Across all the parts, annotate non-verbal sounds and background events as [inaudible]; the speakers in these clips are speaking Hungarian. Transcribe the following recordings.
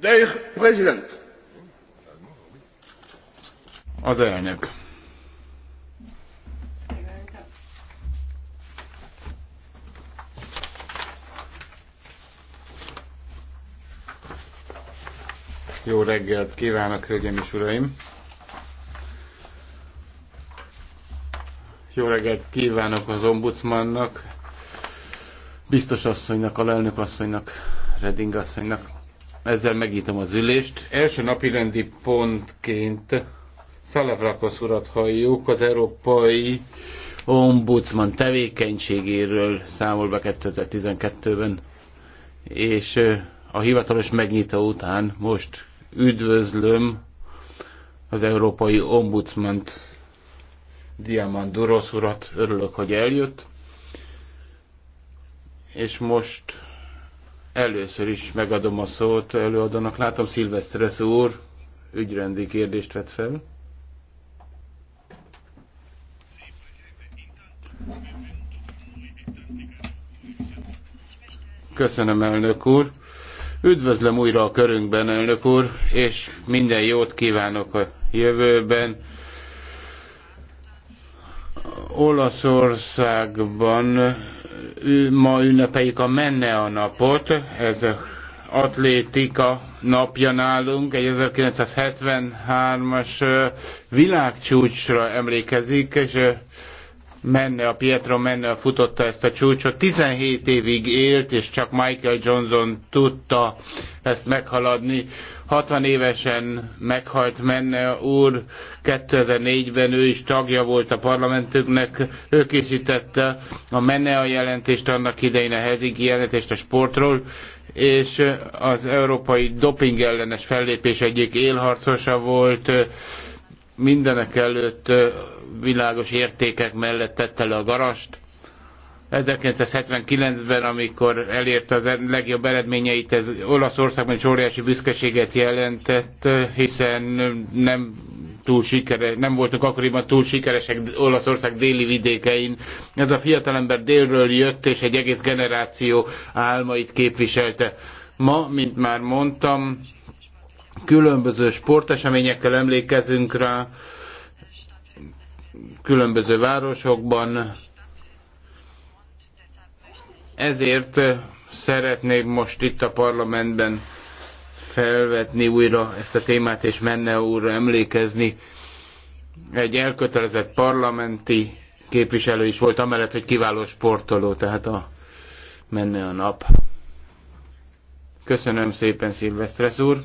Dear Az elnök. Jó reggelt kívánok, hölgyeim és uraim! Jó reggelt kívánok az ombudsmannak, biztos asszonynak, a lelnök asszonynak, Reding asszonynak, ezzel megítom az ülést. Első napi rendi pontként Szalavrakosz urat halljuk az Európai Ombudsman tevékenységéről számol be 2012-ben, és a hivatalos megnyitó után most üdvözlöm az Európai Ombudsmant Diamandurosz urat. Örülök, hogy eljött és most Először is megadom a szót előadónak. Látom, Szilvesztresz úr ügyrendi kérdést vett fel. Köszönöm, elnök úr. Üdvözlöm újra a körünkben, elnök úr, és minden jót kívánok a jövőben. Olaszországban ma ünnepeljük a Menne a napot, ez a atlétika napja nálunk, egy 1973-as világcsúcsra emlékezik, és menne a Pietro menne a futotta ezt a csúcsot. 17 évig élt, és csak Michael Johnson tudta ezt meghaladni. 60 évesen meghalt menne úr, 2004-ben ő is tagja volt a parlamentünknek, ő készítette a menne a jelentést annak idején, a Helsinki jelentést a sportról, és az európai doping ellenes fellépés egyik élharcosa volt, mindenek előtt világos értékek mellett tette le a garast. 1979-ben, amikor elérte az legjobb eredményeit, ez Olaszországban is óriási büszkeséget jelentett, hiszen nem túl sikeres, nem voltunk akkoriban túl sikeresek Olaszország déli vidékein. Ez a fiatalember délről jött, és egy egész generáció álmait képviselte. Ma, mint már mondtam, Különböző sporteseményekkel emlékezünk rá, különböző városokban. Ezért szeretném most itt a parlamentben felvetni újra ezt a témát, és menne úrra emlékezni. Egy elkötelezett parlamenti képviselő is volt, amellett, hogy kiváló sportoló, tehát a menne a nap. Köszönöm szépen, Szilvesztres úr!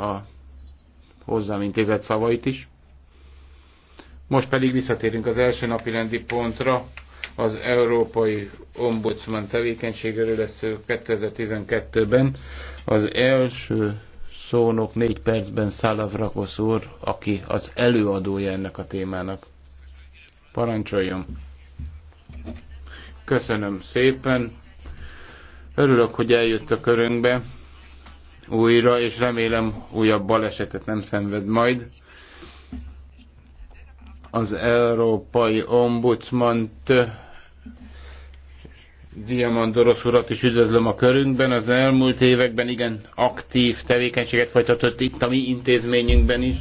a hozzám intézett szavait is. Most pedig visszatérünk az első napi rendi pontra, az Európai Ombudsman tevékenységéről lesz 2012-ben. Az első szónok négy percben Szálav Rakosz úr, aki az előadója ennek a témának. Parancsoljon! Köszönöm szépen! Örülök, hogy eljött a körünkbe újra, és remélem újabb balesetet nem szenved majd. Az Európai Ombudsman Diamandoros urat is üdvözlöm a körünkben. Az elmúlt években igen aktív tevékenységet folytatott itt a mi intézményünkben is,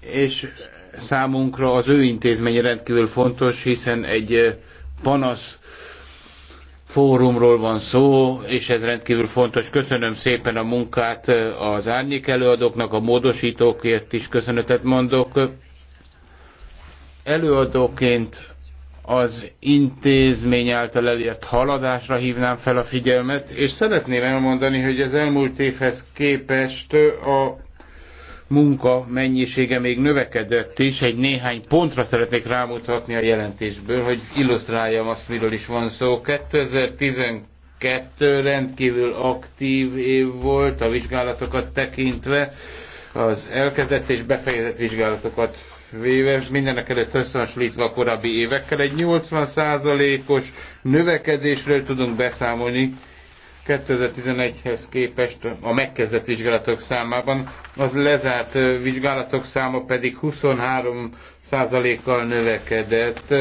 és számunkra az ő intézménye rendkívül fontos, hiszen egy panasz fórumról van szó, és ez rendkívül fontos. Köszönöm szépen a munkát eh, az árnyék előadóknak, a módosítókért is köszönetet mondok. Előadóként az intézmény által elért haladásra hívnám fel a figyelmet, és szeretném elmondani, hogy az elmúlt évhez képest a munka mennyisége még növekedett is. Egy néhány pontra szeretnék rámutatni a jelentésből, hogy illusztráljam azt, miről is van szó. 2012 rendkívül aktív év volt a vizsgálatokat tekintve, az elkezdett és befejezett vizsgálatokat véve, mindenek előtt összehasonlítva a korábbi évekkel, egy 80%-os növekedésről tudunk beszámolni, 2011-hez képest a megkezdett vizsgálatok számában, az lezárt vizsgálatok száma pedig 23%-kal növekedett.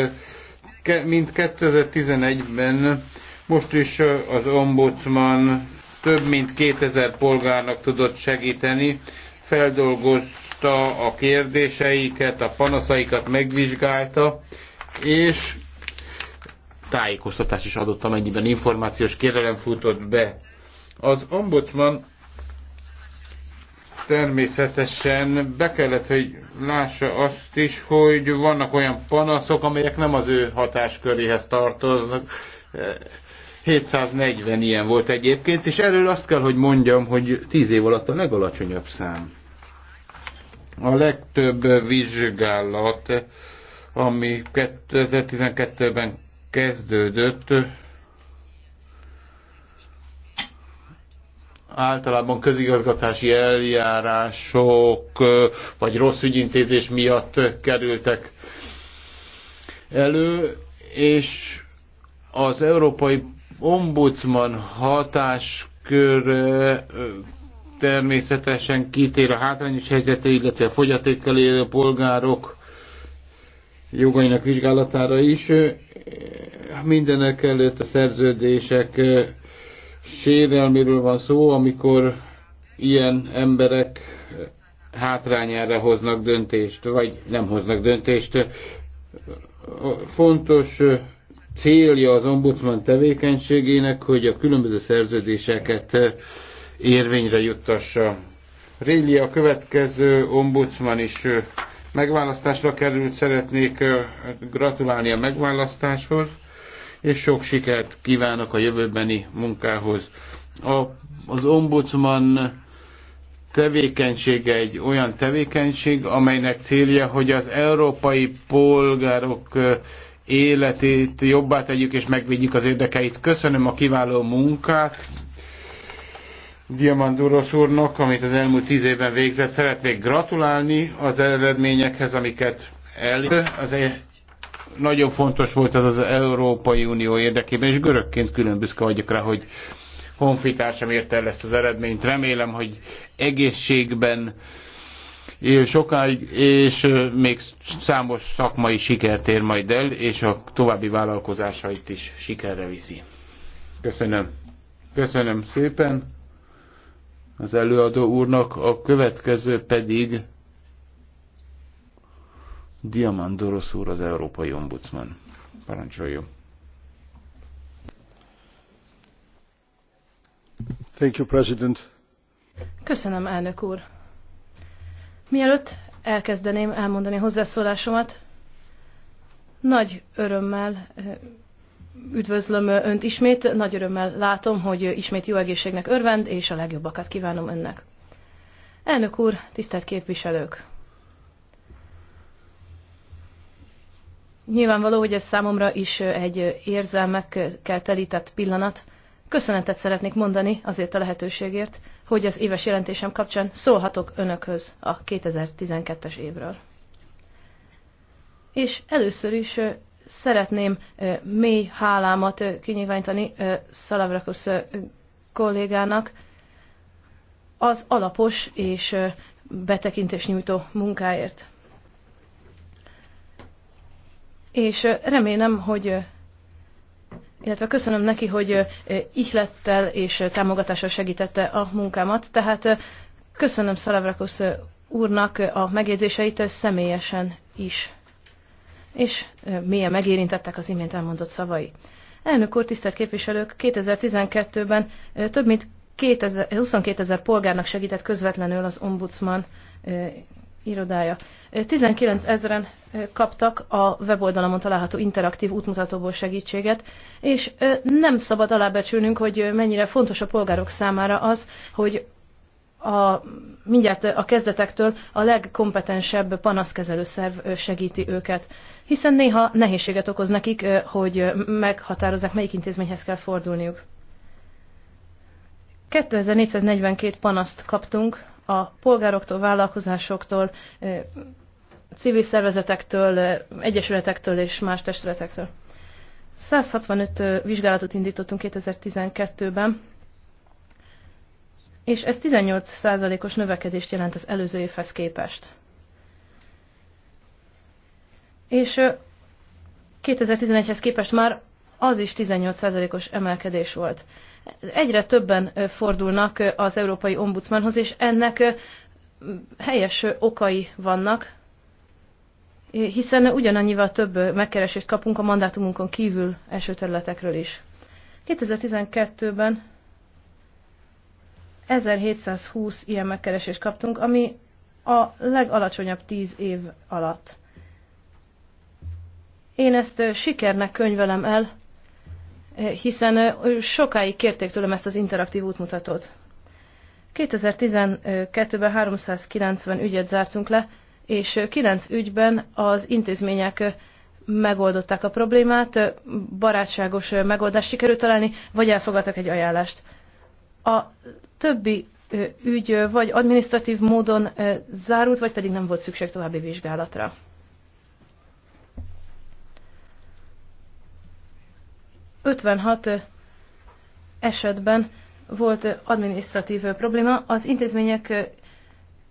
Mint 2011-ben most is az ombudsman több mint 2000 polgárnak tudott segíteni, feldolgozta a kérdéseiket, a panaszaikat megvizsgálta, és tájékoztatást is adott, amennyiben információs kérelem futott be. Az ombudsman természetesen be kellett, hogy lássa azt is, hogy vannak olyan panaszok, amelyek nem az ő hatásköréhez tartoznak. 740 ilyen volt egyébként, és erről azt kell, hogy mondjam, hogy 10 év alatt a legalacsonyabb szám. A legtöbb vizsgálat, ami 2012-ben kezdődött, általában közigazgatási eljárások vagy rossz ügyintézés miatt kerültek elő, és az Európai Ombudsman hatáskör természetesen kitér a hátrányos helyzetre, illetve a fogyatékkal élő polgárok jogainak vizsgálatára is, Mindenek előtt a szerződések sérelméről van szó, amikor ilyen emberek hátrányára hoznak döntést, vagy nem hoznak döntést. Fontos célja az ombudsman tevékenységének, hogy a különböző szerződéseket érvényre juttassa. Réli a következő ombudsman is megválasztásra került, szeretnék gratulálni a megválasztáshoz és sok sikert kívánok a jövőbeni munkához. A, az ombudsman tevékenysége egy olyan tevékenység, amelynek célja, hogy az európai polgárok életét jobbá tegyük és megvédjük az érdekeit. Köszönöm a kiváló munkát Diamanduros úrnak, amit az elmúlt tíz évben végzett. Szeretnék gratulálni az eredményekhez, amiket el az nagyon fontos volt ez az Európai Unió érdekében, és görögként külön büszke vagyok rá, hogy honfitársam érte el ezt az eredményt. Remélem, hogy egészségben él sokáig, és még számos szakmai sikert ér majd el, és a további vállalkozásait is sikerre viszi. Köszönöm. Köszönöm szépen az előadó úrnak, a következő pedig Diamandoros úr az Európai Ombudsman. Parancsoljon. Thank you, President. Köszönöm, elnök úr. Mielőtt elkezdeném elmondani hozzászólásomat, nagy örömmel eh, üdvözlöm Önt ismét, nagy örömmel látom, hogy ismét jó egészségnek örvend, és a legjobbakat kívánom Önnek. Elnök úr, tisztelt képviselők! Nyilvánvaló, hogy ez számomra is egy érzelmekkel telített pillanat. Köszönetet szeretnék mondani azért a lehetőségért, hogy az éves jelentésem kapcsán szólhatok Önökhöz a 2012-es évről. És először is szeretném mély hálámat kinyilvánítani Szalavrakusz kollégának az alapos és betekintés nyújtó munkáért és remélem, hogy illetve köszönöm neki, hogy ihlettel és támogatással segítette a munkámat. Tehát köszönöm Szalavrakosz úrnak a megjegyzéseit személyesen is. És mélyen megérintettek az imént elmondott szavai. Elnök úr, tisztelt képviselők, 2012-ben több mint 22 ezer polgárnak segített közvetlenül az ombudsman irodája. 19 ezeren kaptak a weboldalamon található interaktív útmutatóból segítséget, és nem szabad alábecsülnünk, hogy mennyire fontos a polgárok számára az, hogy a, mindjárt a kezdetektől a legkompetensebb panaszkezelő szerv segíti őket. Hiszen néha nehézséget okoz nekik, hogy meghatározzák, melyik intézményhez kell fordulniuk. 2442 panaszt kaptunk a polgároktól, vállalkozásoktól, civil szervezetektől, egyesületektől és más testületektől. 165 vizsgálatot indítottunk 2012-ben, és ez 18%-os növekedést jelent az előző évhez képest. És 2011-hez képest már az is 18%-os emelkedés volt. Egyre többen fordulnak az Európai Ombudsmanhoz, és ennek helyes okai vannak, hiszen ugyanannyival több megkeresést kapunk a mandátumunkon kívül első területekről is. 2012-ben 1720 ilyen megkeresést kaptunk, ami a legalacsonyabb 10 év alatt. Én ezt sikernek könyvelem el, hiszen sokáig kérték tőlem ezt az interaktív útmutatót. 2012-ben 390 ügyet zártunk le, és 9 ügyben az intézmények megoldották a problémát, barátságos megoldást sikerült találni, vagy elfogadtak egy ajánlást. A többi ügy vagy administratív módon zárult, vagy pedig nem volt szükség további vizsgálatra. 56 esetben volt adminisztratív probléma. Az intézmények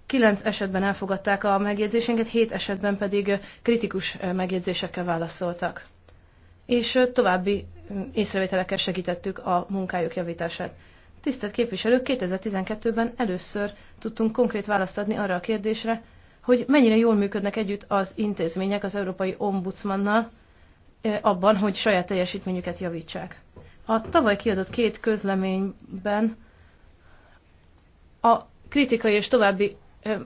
9 esetben elfogadták a megjegyzésünket, 7 esetben pedig kritikus megjegyzésekkel válaszoltak. És további észrevételekkel segítettük a munkájuk javítását. Tisztelt képviselők, 2012-ben először tudtunk konkrét választ adni arra a kérdésre, hogy mennyire jól működnek együtt az intézmények az Európai Ombudsmannal, abban, hogy saját teljesítményüket javítsák. A tavaly kiadott két közleményben a kritikai és további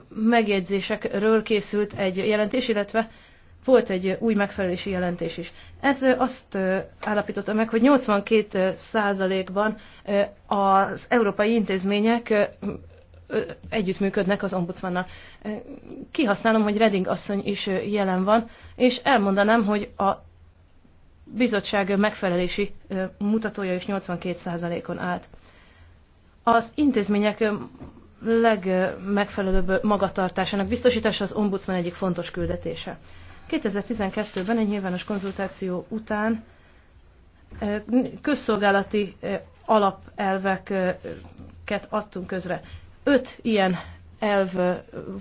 megjegyzésekről készült egy jelentés, illetve volt egy új megfelelési jelentés is. Ez azt állapította meg, hogy 82%-ban az európai intézmények együttműködnek az ombudsmannal. Kihasználom, hogy Reding asszony is jelen van, és elmondanám, hogy a bizottság megfelelési mutatója is 82%-on állt. Az intézmények legmegfelelőbb magatartásának biztosítása az ombudsman egyik fontos küldetése. 2012-ben egy nyilvános konzultáció után közszolgálati alapelveket adtunk közre. Öt ilyen elv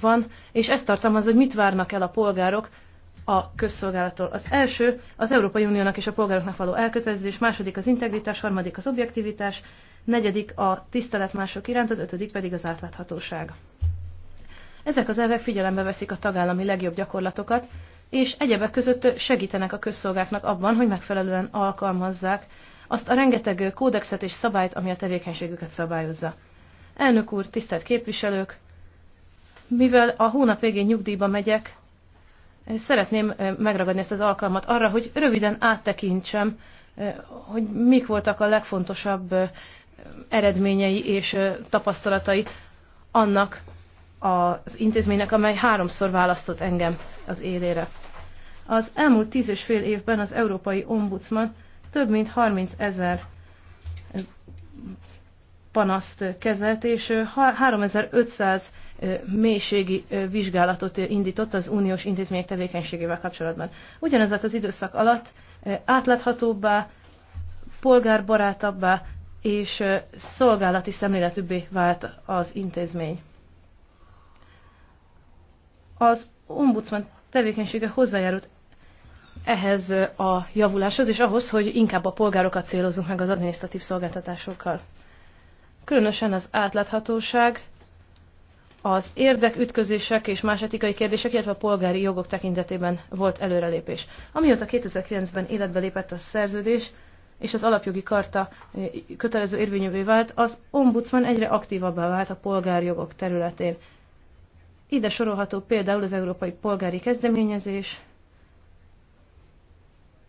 van, és ezt tartalmaz, hogy mit várnak el a polgárok a közszolgálattól. Az első az Európai Uniónak és a polgároknak való elkötelezés, második az integritás, harmadik az objektivitás, negyedik a tisztelet mások iránt, az ötödik pedig az átláthatóság. Ezek az elvek figyelembe veszik a tagállami legjobb gyakorlatokat, és egyebek között segítenek a közszolgáknak abban, hogy megfelelően alkalmazzák azt a rengeteg kódexet és szabályt, ami a tevékenységüket szabályozza. Elnök úr, tisztelt képviselők! Mivel a hónap végén nyugdíjba megyek, Szeretném megragadni ezt az alkalmat arra, hogy röviden áttekintsem, hogy mik voltak a legfontosabb eredményei és tapasztalatai annak az intézménynek, amely háromszor választott engem az élére. Az elmúlt tíz és fél évben az Európai Ombudsman több mint 30 ezer panaszt kezelt, és 3500 mélységi vizsgálatot indított az uniós intézmények tevékenységével kapcsolatban. Ugyanez az időszak alatt átláthatóbbá, polgárbarátabbá és szolgálati szemléletűbbé vált az intézmény. Az ombudsman tevékenysége hozzájárult ehhez a javuláshoz, és ahhoz, hogy inkább a polgárokat célozunk meg az adminisztratív szolgáltatásokkal különösen az átláthatóság, az érdekütközések és más etikai kérdések, illetve a polgári jogok tekintetében volt előrelépés. Amióta 2009-ben életbe lépett a szerződés, és az alapjogi karta kötelező érvényűvé vált, az ombudsman egyre aktívabbá vált a polgári jogok területén. Ide sorolható például az Európai Polgári Kezdeményezés,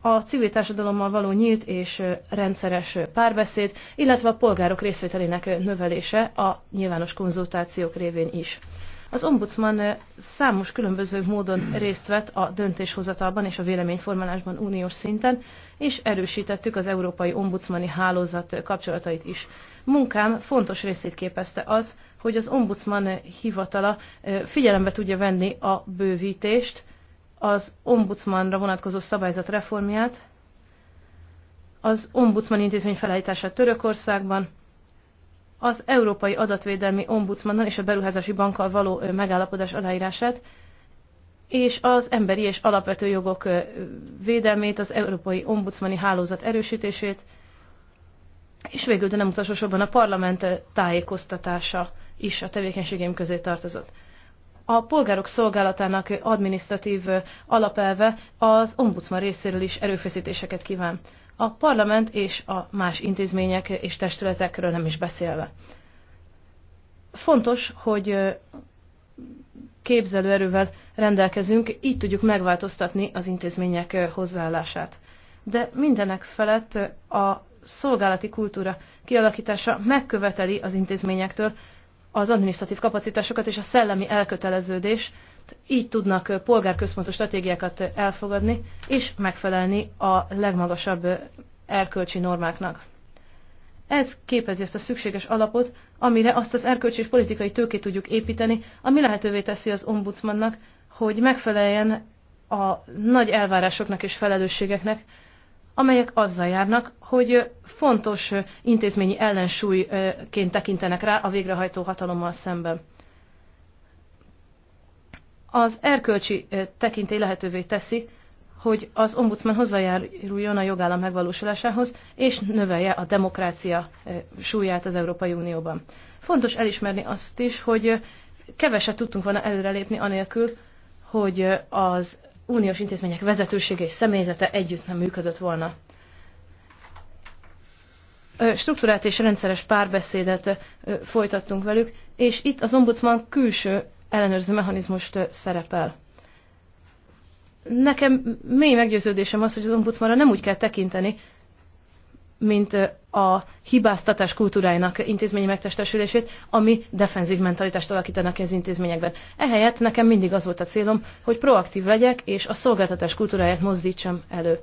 a civil társadalommal való nyílt és rendszeres párbeszéd, illetve a polgárok részvételének növelése a nyilvános konzultációk révén is. Az ombudsman számos különböző módon részt vett a döntéshozatalban és a véleményformálásban uniós szinten, és erősítettük az Európai Ombudsmani Hálózat kapcsolatait is. Munkám fontos részét képezte az, hogy az ombudsman hivatala figyelembe tudja venni a bővítést, az ombudsmanra vonatkozó szabályzat reformját, az ombudsman intézmény felállítását Törökországban, az Európai Adatvédelmi Ombudsmannal és a Beruházási Bankkal való megállapodás aláírását, és az emberi és alapvető jogok védelmét, az Európai Ombudsmani Hálózat erősítését, és végül, de nem utolsó sorban a parlament tájékoztatása is a tevékenységeim közé tartozott a polgárok szolgálatának adminisztratív alapelve az ombudsman részéről is erőfeszítéseket kíván. A parlament és a más intézmények és testületekről nem is beszélve. Fontos, hogy képzelőerővel rendelkezünk, így tudjuk megváltoztatni az intézmények hozzáállását. De mindenek felett a szolgálati kultúra kialakítása megköveteli az intézményektől, az adminisztratív kapacitásokat és a szellemi elköteleződés, így tudnak polgárközpontú stratégiákat elfogadni és megfelelni a legmagasabb erkölcsi normáknak. Ez képezi ezt a szükséges alapot, amire azt az erkölcsi és politikai tőkét tudjuk építeni, ami lehetővé teszi az ombudsmannak, hogy megfeleljen a nagy elvárásoknak és felelősségeknek, amelyek azzal járnak, hogy fontos intézményi ellensúlyként tekintenek rá a végrehajtó hatalommal szemben. Az erkölcsi tekintély lehetővé teszi, hogy az ombudsman hozzájáruljon a jogállam megvalósulásához, és növelje a demokrácia súlyát az Európai Unióban. Fontos elismerni azt is, hogy keveset tudtunk volna előrelépni anélkül, hogy az uniós intézmények vezetősége és személyzete együtt nem működött volna. Struktúrát és rendszeres párbeszédet folytattunk velük, és itt az ombudsman külső ellenőrző mechanizmust szerepel. Nekem mély meggyőződésem az, hogy az ombudsmanra nem úgy kell tekinteni, mint a hibáztatás kultúrájának intézményi megtestesülését, ami defenzív mentalitást alakítanak ki az intézményekben. Ehelyett nekem mindig az volt a célom, hogy proaktív legyek és a szolgáltatás kultúráját mozdítsam elő.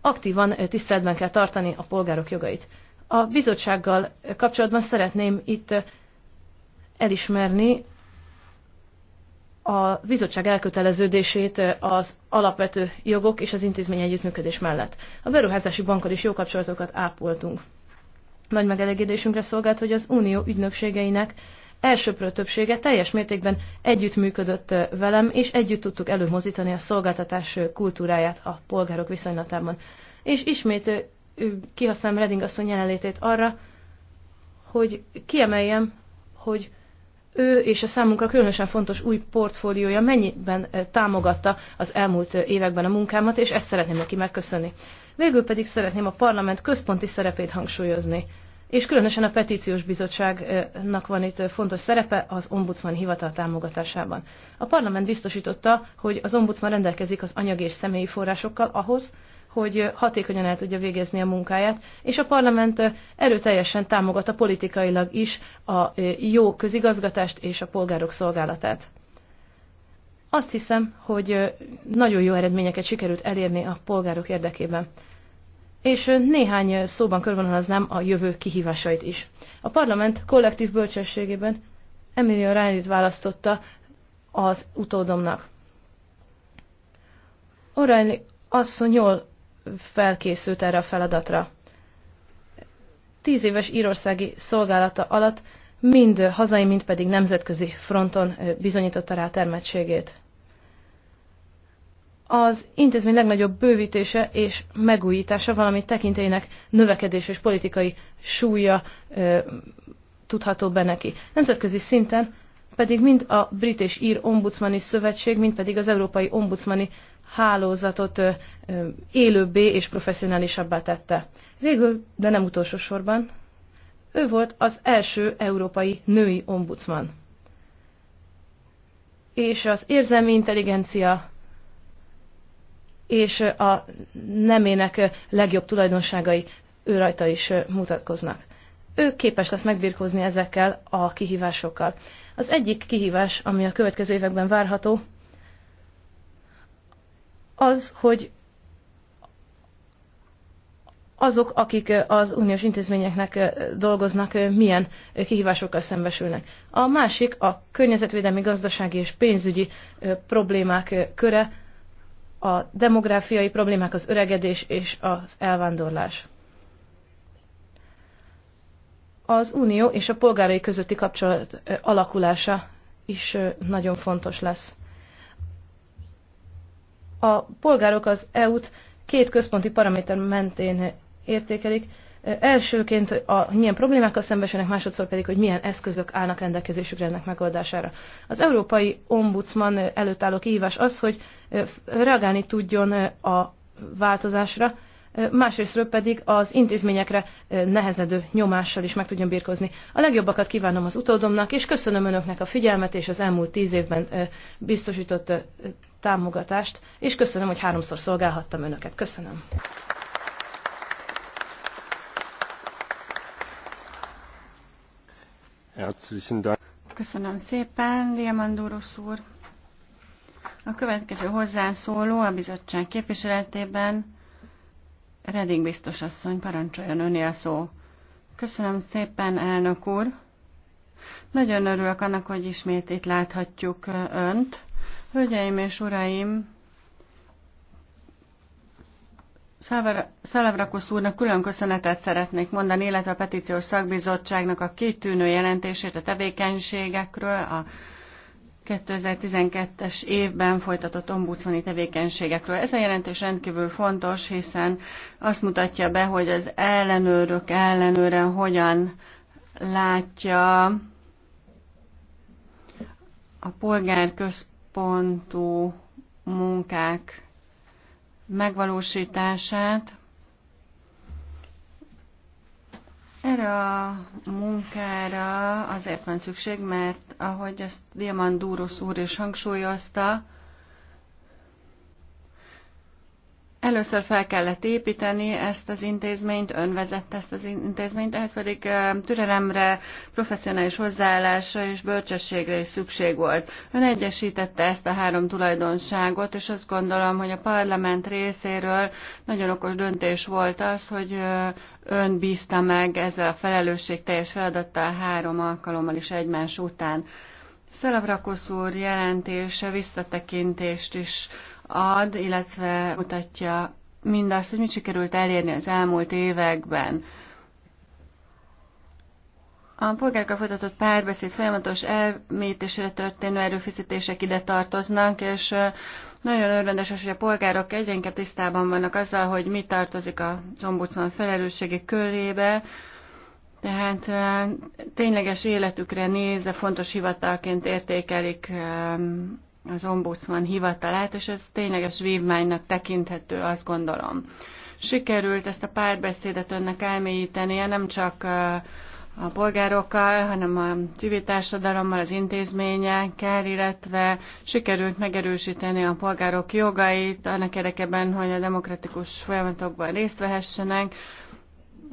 Aktívan tiszteletben kell tartani a polgárok jogait. A bizottsággal kapcsolatban szeretném itt elismerni a bizottság elköteleződését az alapvető jogok és az intézmény együttműködés mellett. A beruházási bankkal is jó kapcsolatokat ápoltunk. Nagy megelégedésünkre szolgált, hogy az unió ügynökségeinek elsőprő többsége teljes mértékben együttműködött velem, és együtt tudtuk előmozdítani a szolgáltatás kultúráját a polgárok viszonylatában. És ismét kihasználom Reding asszony jelenlétét arra, hogy kiemeljem, hogy ő és a számunkra különösen fontos új portfóliója mennyiben támogatta az elmúlt években a munkámat, és ezt szeretném neki megköszönni. Végül pedig szeretném a parlament központi szerepét hangsúlyozni és különösen a petíciós bizottságnak van itt fontos szerepe az ombudsman hivatal támogatásában. A parlament biztosította, hogy az ombudsman rendelkezik az anyagi és személyi forrásokkal ahhoz, hogy hatékonyan el tudja végezni a munkáját, és a parlament erőteljesen támogatta politikailag is a jó közigazgatást és a polgárok szolgálatát. Azt hiszem, hogy nagyon jó eredményeket sikerült elérni a polgárok érdekében és néhány szóban körvonalaznám a jövő kihívásait is. A parlament kollektív bölcsességében Emilio Ránit választotta az utódomnak. O'Reilly asszony jól felkészült erre a feladatra. Tíz éves írországi szolgálata alatt mind hazai, mind pedig nemzetközi fronton bizonyította rá termettségét az intézmény legnagyobb bővítése és megújítása, valamint tekintélyének növekedés és politikai súlya ö, tudható be neki. Nemzetközi szinten pedig mind a Brit és Ír Ombudsmani Szövetség, mind pedig az Európai Ombudsmani Hálózatot ö, ö, élőbbé és professzionálisabbá tette. Végül, de nem utolsó sorban, ő volt az első európai női ombudsman. És az érzelmi intelligencia és a nemének legjobb tulajdonságai ő rajta is mutatkoznak. Ő képes lesz megbirkózni ezekkel a kihívásokkal. Az egyik kihívás, ami a következő években várható, az, hogy azok, akik az uniós intézményeknek dolgoznak, milyen kihívásokkal szembesülnek. A másik a környezetvédelmi, gazdasági és pénzügyi problémák köre, a demográfiai problémák, az öregedés és az elvándorlás. Az unió és a polgárai közötti kapcsolat alakulása is nagyon fontos lesz. A polgárok az EU-t két központi paraméter mentén értékelik, Elsőként, a, milyen problémákkal szembesülnek, másodszor pedig, hogy milyen eszközök állnak rendelkezésükre ennek megoldására. Az Európai Ombudsman előtt álló kihívás az, hogy reagálni tudjon a változásra, másrésztről pedig az intézményekre nehezedő nyomással is meg tudjon birkozni. A legjobbakat kívánom az utódomnak, és köszönöm önöknek a figyelmet és az elmúlt tíz évben biztosított támogatást, és köszönöm, hogy háromszor szolgálhattam önöket. Köszönöm. Herzlichen Dank. Köszönöm szépen, Diamandúros úr. A következő hozzászóló a bizottság képviseletében Redding biztos asszony, parancsoljon öné a szó. Köszönöm szépen, elnök úr. Nagyon örülök annak, hogy ismét itt láthatjuk önt. Hölgyeim és uraim, Szalavrakusz úrnak külön köszönetet szeretnék mondani, illetve a petíciós szakbizottságnak a kitűnő jelentését a tevékenységekről, a 2012-es évben folytatott ombudsmani tevékenységekről. Ez a jelentés rendkívül fontos, hiszen azt mutatja be, hogy az ellenőrök ellenőre hogyan látja a polgárközpontú munkák megvalósítását. Erre a munkára azért van szükség, mert ahogy ezt Dúrosz úr is hangsúlyozta, Először fel kellett építeni ezt az intézményt, önvezette ezt az intézményt, ehhez pedig türelemre, professzionális hozzáállásra és bölcsességre is szükség volt. Ön egyesítette ezt a három tulajdonságot, és azt gondolom, hogy a parlament részéről nagyon okos döntés volt az, hogy ön bízta meg ezzel a felelősség teljes feladattal három alkalommal is egymás után. Szelevrakosz úr jelentése visszatekintést is ad, illetve mutatja mindazt, hogy mit sikerült elérni az elmúlt években. A polgárokkal folytatott párbeszéd folyamatos elmétésére történő erőfeszítések ide tartoznak, és nagyon örvendes, hogy a polgárok egyenként tisztában vannak azzal, hogy mi tartozik a ombudsman felelősségi körébe, tehát tényleges életükre nézve fontos hivatalként értékelik az ombudsman hivatalát, és ez tényleges vívmánynak tekinthető, azt gondolom. Sikerült ezt a párbeszédet önnek elmélyítenie, nem csak a polgárokkal, hanem a civil társadalommal, az intézményekkel, illetve sikerült megerősíteni a polgárok jogait annak érdekében, hogy a demokratikus folyamatokban részt vehessenek,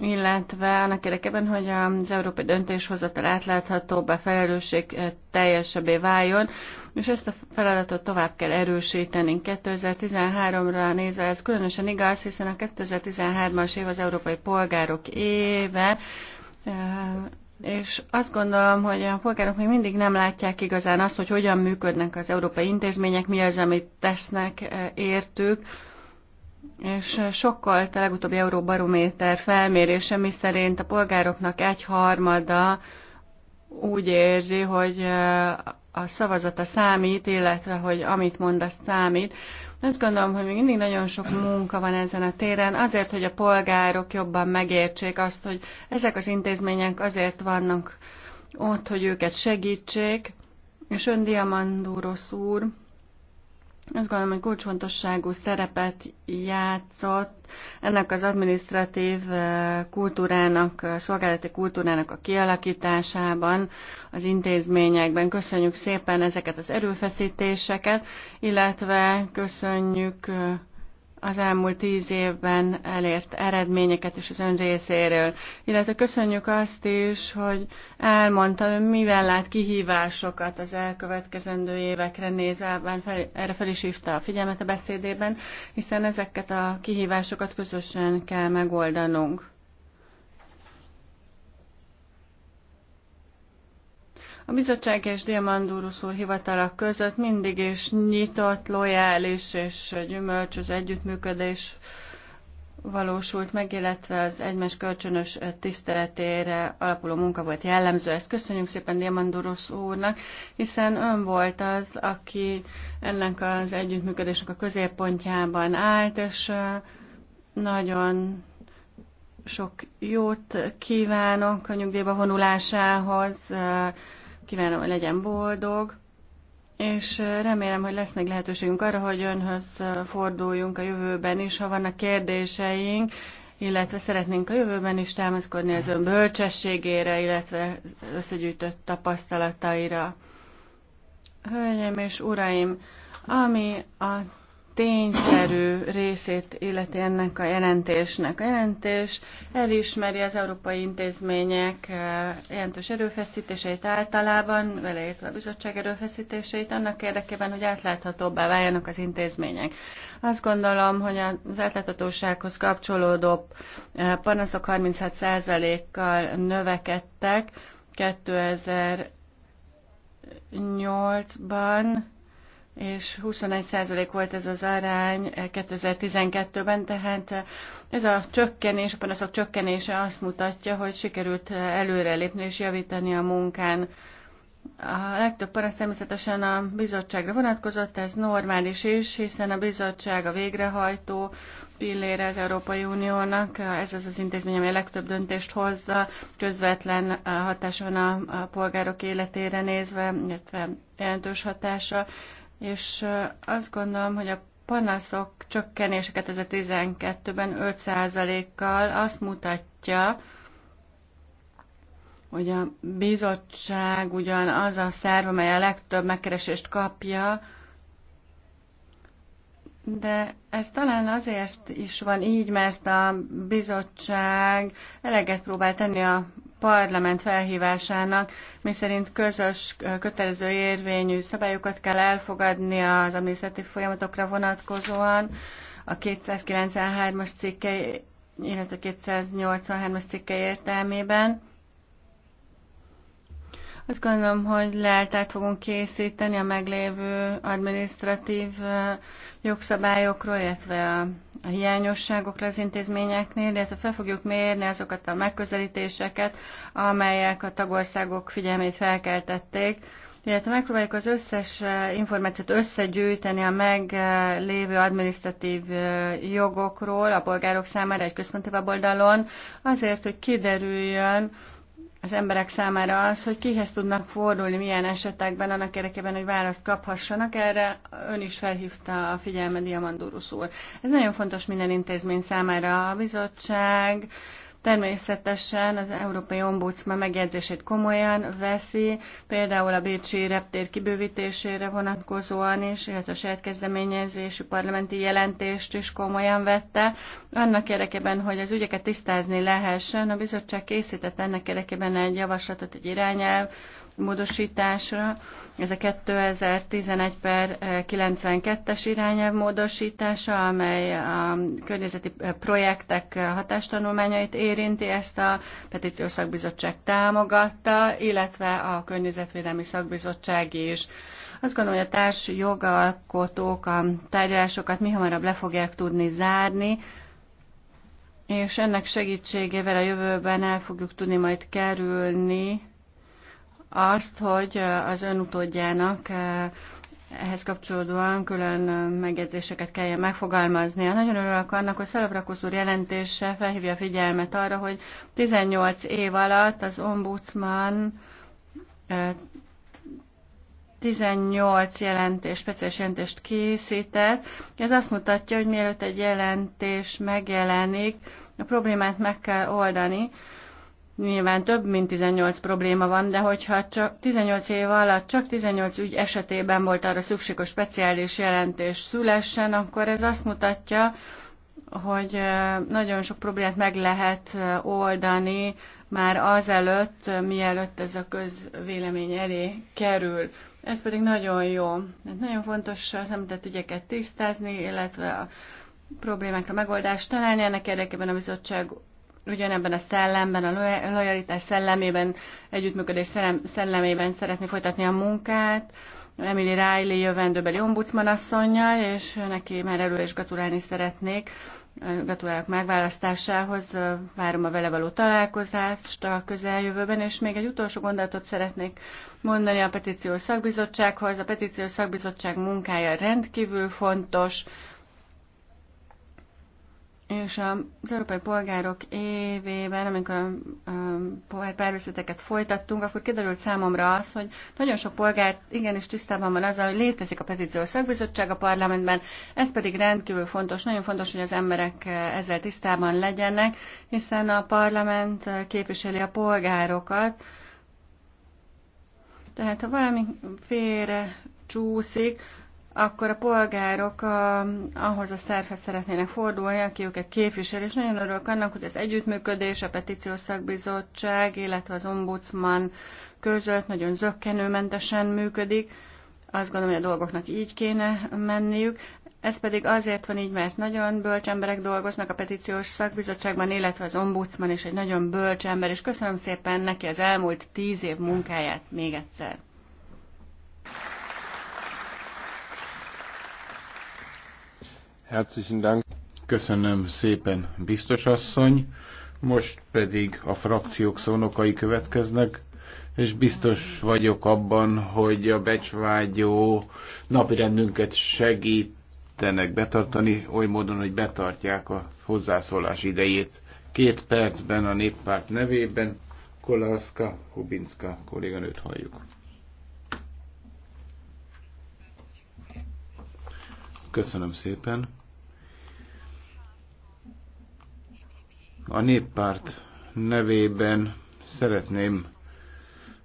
illetve annak érdekében, hogy az európai döntéshozatal átláthatóbbá, felelősség eh, teljesebbé váljon, és ezt a feladatot tovább kell erősíteni. 2013-ra nézve ez különösen igaz, hiszen a 2013-as év az európai polgárok éve, eh, és azt gondolom, hogy a polgárok még mindig nem látják igazán azt, hogy hogyan működnek az európai intézmények, mi az, amit tesznek eh, értük, és sokkal a legutóbbi Euróbarométer felmérése, mi szerint a polgároknak egy harmada úgy érzi, hogy a szavazata számít, illetve hogy amit mond, az számít. Azt gondolom, hogy még mindig nagyon sok munka van ezen a téren, azért, hogy a polgárok jobban megértsék azt, hogy ezek az intézmények azért vannak ott, hogy őket segítsék, és ön Diamandúros úr, azt gondolom, hogy kulcsfontosságú szerepet játszott ennek az administratív kultúrának, szolgálati kultúrának a kialakításában, az intézményekben. Köszönjük szépen ezeket az erőfeszítéseket, illetve köszönjük az elmúlt tíz évben elért eredményeket is az ön részéről. Illetve köszönjük azt is, hogy elmondta, hogy mivel lát kihívásokat az elkövetkezendő évekre nézve fel, erre fel is hívta a figyelmet a beszédében, hiszen ezeket a kihívásokat közösen kell megoldanunk. A bizottság és Diamandúrusz úr hivatala között mindig is nyitott, lojális és gyümölcsöz együttműködés valósult meg, illetve az egymás kölcsönös tiszteletére alapuló munka volt jellemző. Ezt köszönjük szépen Diamandurusz úrnak, hiszen ön volt az, aki ennek az együttműködésnek a középpontjában állt, és nagyon sok jót kívánok a nyugdíjba vonulásához, kívánom, hogy legyen boldog, és remélem, hogy lesz még lehetőségünk arra, hogy önhöz forduljunk a jövőben is, ha vannak kérdéseink, illetve szeretnénk a jövőben is támaszkodni az ön bölcsességére, illetve összegyűjtött tapasztalataira. Hölgyeim és uraim, ami a tényszerű részét illeti ennek a jelentésnek. A jelentés elismeri az európai intézmények eh, jelentős erőfeszítéseit általában, beleértve a bizottság erőfeszítéseit, annak érdekében, hogy átláthatóbbá váljanak az intézmények. Azt gondolom, hogy az átláthatósághoz kapcsolódó eh, panaszok 36%-kal növekedtek 2008-ban, és 21% volt ez az arány 2012-ben, eh, tehát eh, ez a csökkenés, a panaszok csökkenése azt mutatja, hogy sikerült eh, előrelépni és javítani a munkán. A legtöbb panasz természetesen a bizottságra vonatkozott, ez normális is, hiszen a bizottság a végrehajtó pillére az Európai Uniónak, ez az az intézmény, ami a legtöbb döntést hozza, közvetlen hatása van a polgárok életére nézve, illetve jelentős hatása és azt gondolom, hogy a panaszok csökkenése 2012-ben 5%-kal azt mutatja, hogy a bizottság ugyan az a szerv, amely a legtöbb megkeresést kapja, de ez talán azért is van így, mert a bizottság eleget próbál tenni a parlament felhívásának, miszerint közös kötelező érvényű szabályokat kell elfogadni az adminisztratív folyamatokra vonatkozóan. A 293-as cikke, illetve 283-as cikke értelmében azt gondolom, hogy leltát fogunk készíteni a meglévő administratív jogszabályokról, illetve a, a hiányosságokra az intézményeknél, illetve fel fogjuk mérni azokat a megközelítéseket, amelyek a tagországok figyelmét felkeltették, illetve megpróbáljuk az összes információt összegyűjteni a meglévő administratív jogokról a polgárok számára egy központi weboldalon, azért, hogy kiderüljön, az emberek számára az, hogy kihez tudnak fordulni, milyen esetekben, annak érdekében, hogy választ kaphassanak. Erre ön is felhívta a figyelmet Diamandurus úr. Ez nagyon fontos minden intézmény számára. A bizottság, Természetesen az Európai Ombudsman megjegyzését komolyan veszi, például a Bécsi reptér kibővítésére vonatkozóan is, illetve a saját kezdeményezésű parlamenti jelentést is komolyan vette. Annak érdekében, hogy az ügyeket tisztázni lehessen, a bizottság készített ennek érdekében egy javaslatot, egy irányelv, módosításra. Ez a 2011 per 92-es irányelv módosítása, amely a környezeti projektek hatástanulmányait érinti. Ezt a petíciós szakbizottság támogatta, illetve a környezetvédelmi szakbizottság is. Azt gondolom, hogy a társ jogalkotók a tárgyalásokat mi hamarabb le fogják tudni zárni, és ennek segítségével a jövőben el fogjuk tudni majd kerülni azt, hogy az ön utódjának ehhez kapcsolódóan külön megjegyzéseket kelljen megfogalmaznia. Hát nagyon örülök annak, hogy Szalabrakusz úr jelentése felhívja a figyelmet arra, hogy 18 év alatt az ombudsman 18 jelentés, speciális jelentést készített. Ez azt mutatja, hogy mielőtt egy jelentés megjelenik, a problémát meg kell oldani. Nyilván több mint 18 probléma van, de hogyha csak 18 év alatt csak 18 ügy esetében volt arra szükség, hogy speciális jelentés szülessen, akkor ez azt mutatja, hogy nagyon sok problémát meg lehet oldani már azelőtt, mielőtt ez a közvélemény elé kerül. Ez pedig nagyon jó. Nagyon fontos az említett ügyeket tisztázni, illetve a problémákra megoldást találni. Ennek érdekében a bizottság ugyanebben a szellemben, a lojalitás szellemében, együttműködés szellemében szeretné folytatni a munkát. Emily Riley jövendőbeli ombudsman asszonynal, és neki már előre is gratulálni szeretnék. Gratulálok megválasztásához, várom a vele való találkozást a közeljövőben, és még egy utolsó gondolatot szeretnék mondani a petíciós szakbizottsághoz. A petíciós szakbizottság munkája rendkívül fontos, és az európai polgárok évében, amikor a um, hát párbeszédeket folytattunk, akkor kiderült számomra az, hogy nagyon sok polgár igenis tisztában van azzal, hogy létezik a petíciós szakbizottság a parlamentben, ez pedig rendkívül fontos, nagyon fontos, hogy az emberek eh, ezzel tisztában legyenek, hiszen a parlament eh, képviseli a polgárokat. Tehát ha valami félre csúszik, akkor a polgárok a, ahhoz a szervhez szeretnének fordulni, aki őket képvisel, és nagyon örülök annak, hogy az együttműködés, a petíciós szakbizottság, illetve az ombudsman között nagyon zöggenőmentesen működik. Azt gondolom, hogy a dolgoknak így kéne menniük. Ez pedig azért van így, mert nagyon bölcs emberek dolgoznak a petíciós szakbizottságban, illetve az ombudsman is egy nagyon bölcs ember, és köszönöm szépen neki az elmúlt tíz év munkáját még egyszer. Köszönöm szépen, biztos asszony. Most pedig a frakciók szónokai következnek, és biztos vagyok abban, hogy a becsvágyó napirendünket segítenek betartani, oly módon, hogy betartják a hozzászólás idejét. Két percben a néppárt nevében Kolaszka Hubinska kolléganőt halljuk. Köszönöm szépen. A néppárt nevében szeretném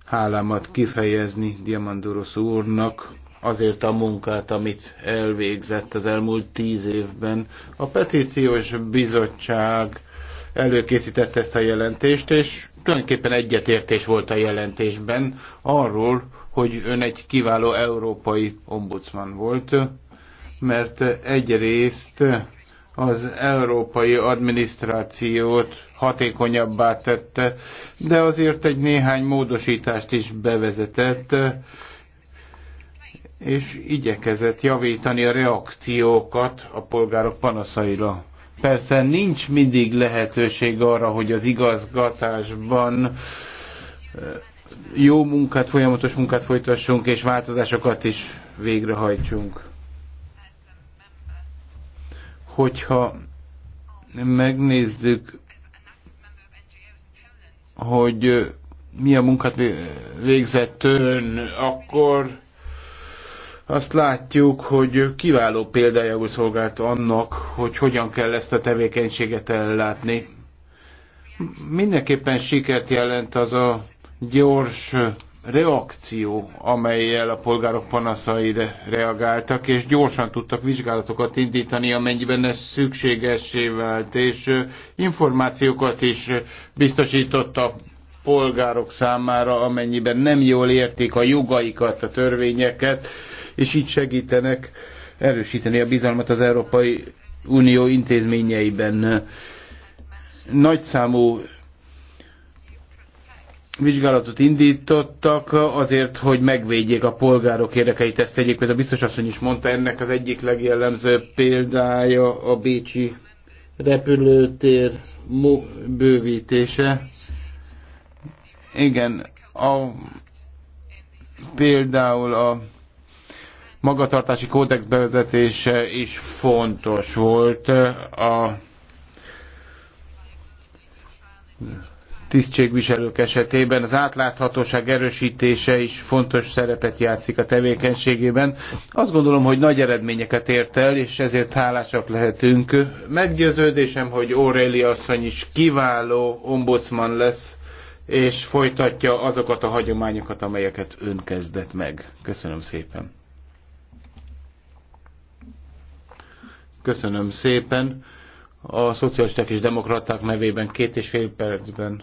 hálámat kifejezni Diamandurosz úrnak azért a munkát, amit elvégzett az elmúlt tíz évben. A petíciós bizottság előkészítette ezt a jelentést, és tulajdonképpen egyetértés volt a jelentésben arról, hogy ön egy kiváló európai ombudsman volt, mert egyrészt az európai adminisztrációt hatékonyabbá tette, de azért egy néhány módosítást is bevezetett, és igyekezett javítani a reakciókat a polgárok panaszaira. Persze nincs mindig lehetőség arra, hogy az igazgatásban eh, jó munkát, folyamatos munkát folytassunk, és változásokat is végrehajtsunk Hogyha megnézzük, hogy milyen munkát végzett ön, akkor azt látjuk, hogy kiváló példájául szolgált annak, hogy hogyan kell ezt a tevékenységet ellátni. Mindenképpen sikert jelent az a gyors reakció, amelyel a polgárok panaszaira reagáltak, és gyorsan tudtak vizsgálatokat indítani, amennyiben ez szükségessé vált, és információkat is biztosított a polgárok számára, amennyiben nem jól értik a jogaikat, a törvényeket, és így segítenek erősíteni a bizalmat az Európai Unió intézményeiben. Nagyszámú vizsgálatot indítottak azért, hogy megvédjék a polgárok érdekeit. Ezt egyébként a biztos asszony is mondta, ennek az egyik legjellemzőbb példája a Bécsi repülőtér bővítése. Igen, a, például a magatartási kódex bevezetése is fontos volt. A tisztségviselők esetében. Az átláthatóság erősítése is fontos szerepet játszik a tevékenységében. Azt gondolom, hogy nagy eredményeket ért el, és ezért hálásak lehetünk. Meggyőződésem, hogy Auréli asszony is kiváló ombudsman lesz, és folytatja azokat a hagyományokat, amelyeket ön kezdett meg. Köszönöm szépen. Köszönöm szépen. A szocialisták és demokraták nevében két és fél percben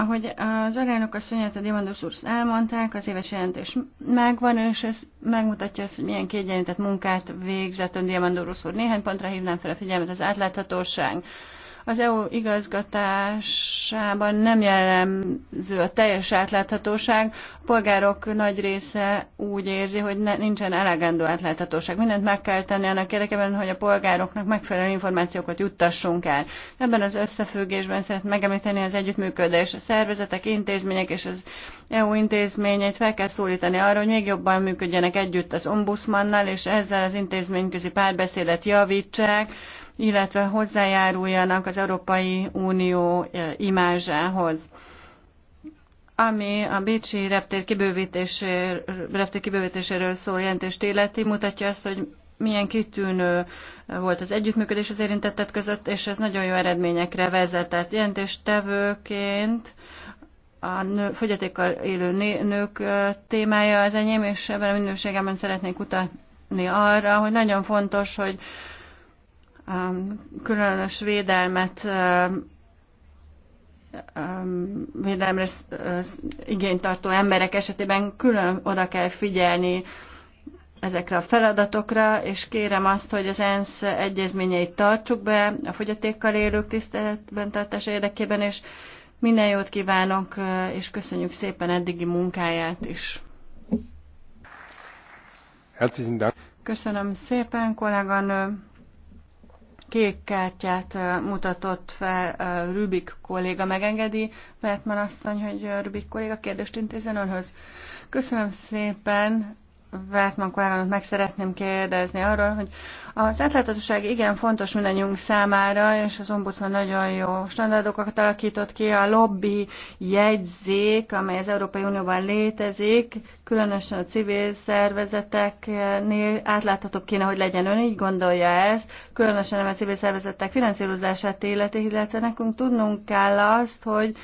ahogy az alelnök asszonyát a Divandos úr elmondták, az éves jelentés megvan, és ez megmutatja azt, hogy milyen kiegyenlített munkát végzett ön Divandos úr. Néhány pontra hívnám fel a figyelmet, az átláthatóság, az EU igazgatásában nem jellemző a teljes átláthatóság. A polgárok nagy része úgy érzi, hogy ne, nincsen elegendő átláthatóság. Mindent meg kell tenni annak érdekében, hogy a polgároknak megfelelő információkat juttassunk el. Ebben az összefüggésben szeret megemlíteni az együttműködés. A szervezetek, intézmények és az EU intézményeit fel kell szólítani arra, hogy még jobban működjenek együtt az ombudsmannal, és ezzel az intézményközi párbeszédet javítsák, illetve hozzájáruljanak az Európai Unió e, imázsához ami a Bécsi reptér, kibővítésér, reptér kibővítéséről szóló jelentést illeti, mutatja azt, hogy milyen kitűnő volt az együttműködés az érintettek között, és ez nagyon jó eredményekre vezetett. Jelentéstevőként a nő, fogyatékkal élő nők e, témája az enyém, és ebben a minőségemben szeretnék utatni arra, hogy nagyon fontos, hogy különös védelmet védelemre igényt tartó emberek esetében külön oda kell figyelni ezekre a feladatokra, és kérem azt, hogy az ENSZ egyezményeit tartsuk be a fogyatékkal élők tiszteletben tartás érdekében, és minden jót kívánok, és köszönjük szépen eddigi munkáját is. Köszönöm szépen, kolléganő kék kártyát mutatott fel Rubik kolléga. Megengedi Bertman asszony, hogy Rubik kolléga kérdést intézzen önhöz. Köszönöm szépen. Vártman kollégának meg szeretném kérdezni arról, hogy az átláthatóság igen fontos mindannyiunk számára, és az ombudsman nagyon jó standardokat alakított ki, a lobby jegyzék, amely az Európai Unióban létezik, különösen a civil szervezeteknél átláthatóbb kéne, hogy legyen ön, így gondolja ezt, különösen a civil szervezetek finanszírozását illeti, illetve nekünk tudnunk kell azt, hogy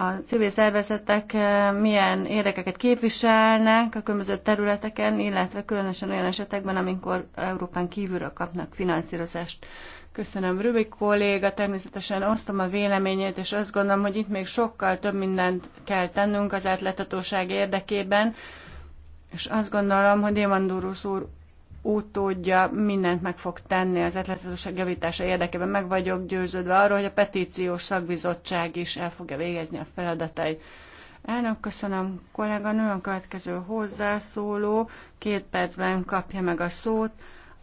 a civil szervezetek eh, milyen érdekeket képviselnek a különböző területeken, illetve különösen olyan esetekben, amikor Európán kívülről kapnak finanszírozást. Köszönöm Rubik kolléga, természetesen osztom a véleményét, és azt gondolom, hogy itt még sokkal több mindent kell tennünk az átláthatóság érdekében, és azt gondolom, hogy Démandúrusz úr utódja mindent meg fog tenni az átláthatóság javítása érdekében. Meg vagyok győződve arról, hogy a petíciós szakbizottság is el fogja végezni a feladatai. Elnök, köszönöm nő a következő hozzászóló két percben kapja meg a szót.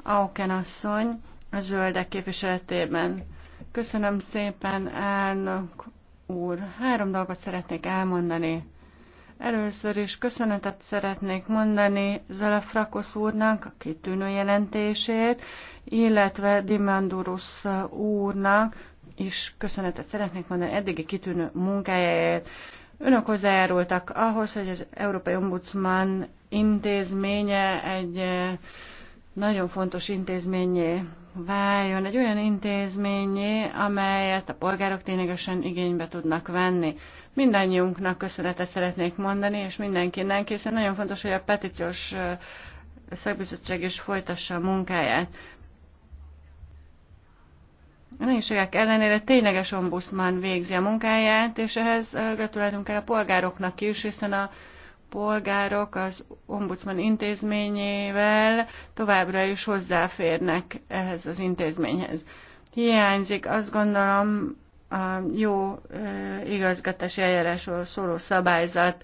Auken asszony a zöldek képviseletében. Köszönöm szépen, elnök úr. Három dolgot szeretnék elmondani. Először is köszönetet szeretnék mondani Zelefrakosz úrnak a kitűnő jelentését, illetve Dimandurus úrnak is köszönetet szeretnék mondani eddigi kitűnő munkájáért. Önök hozzájárultak ahhoz, hogy az Európai Ombudsman intézménye egy nagyon fontos intézményé váljon, egy olyan intézményé, amelyet a polgárok ténylegesen igénybe tudnak venni. Mindannyiunknak köszönetet szeretnék mondani, és mindenkinek, hiszen nagyon fontos, hogy a petíciós szakbizottság is folytassa a munkáját. A nehézségek ellenére tényleges ombuszman végzi a munkáját, és ehhez gratulálunk el a polgároknak is, hiszen a polgárok az ombudsman intézményével továbbra is hozzáférnek ehhez az intézményhez. Hiányzik, azt gondolom, a jó igazgatási eljárásról szóló szabályzat.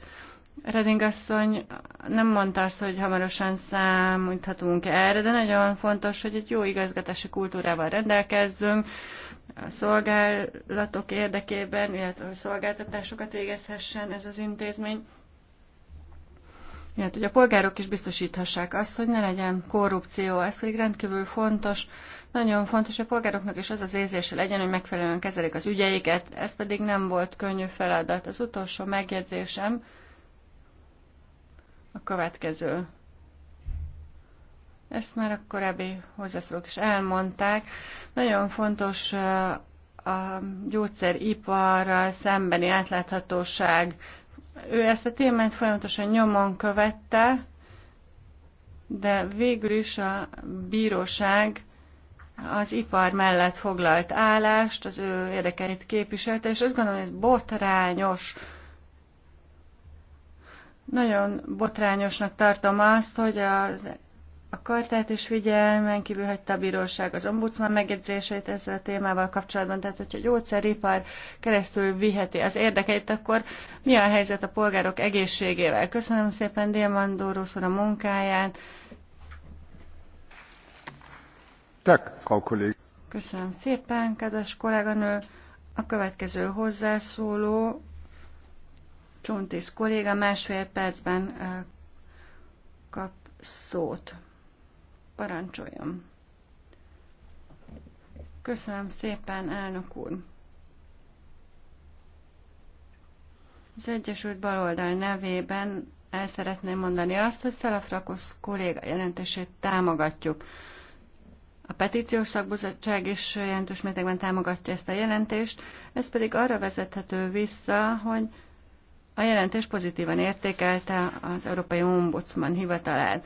Reding asszony nem mondta azt, hogy hamarosan számíthatunk erre, de nagyon fontos, hogy egy jó igazgatási kultúrával rendelkezzünk, a szolgálatok érdekében, illetve a szolgáltatásokat végezhessen ez az intézmény. Mert hogy a polgárok is biztosíthassák azt, hogy ne legyen korrupció, ez pedig rendkívül fontos. Nagyon fontos, hogy a polgároknak is az az érzése legyen, hogy megfelelően kezelik az ügyeiket, ez pedig nem volt könnyű feladat. Az utolsó megjegyzésem a következő. Ezt már a korábbi hozzászólók is elmondták. Nagyon fontos eh, a gyógyszeriparral szembeni átláthatóság ő ezt a témát folyamatosan nyomon követte, de végül is a bíróság az ipar mellett foglalt állást, az ő érdekeit képviselte, és azt gondolom, hogy ez botrányos. Nagyon botrányosnak tartom azt, hogy az a kartát is figyelmen kívül hagyta a bíróság az ombudsman megjegyzéseit ezzel a témával kapcsolatban. Tehát, hogyha a gyógyszeripar keresztül viheti az érdekeit, akkor mi a helyzet a polgárok egészségével? Köszönöm szépen Diamandórusz a munkáját. Tök, Frau Kollég. Köszönöm szépen, kedves kolléganő. A következő hozzászóló Csuntis kolléga másfél percben eh, kap szót. Parancsoljon! Köszönöm szépen, elnök úr! Az Egyesült Baloldal nevében el szeretném mondani azt, hogy Szelafrakosz kolléga jelentését támogatjuk. A petíciós szakbizottság is jelentős mértékben támogatja ezt a jelentést, ez pedig arra vezethető vissza, hogy a jelentés pozitívan értékelte az Európai Ombudsman hivatalát.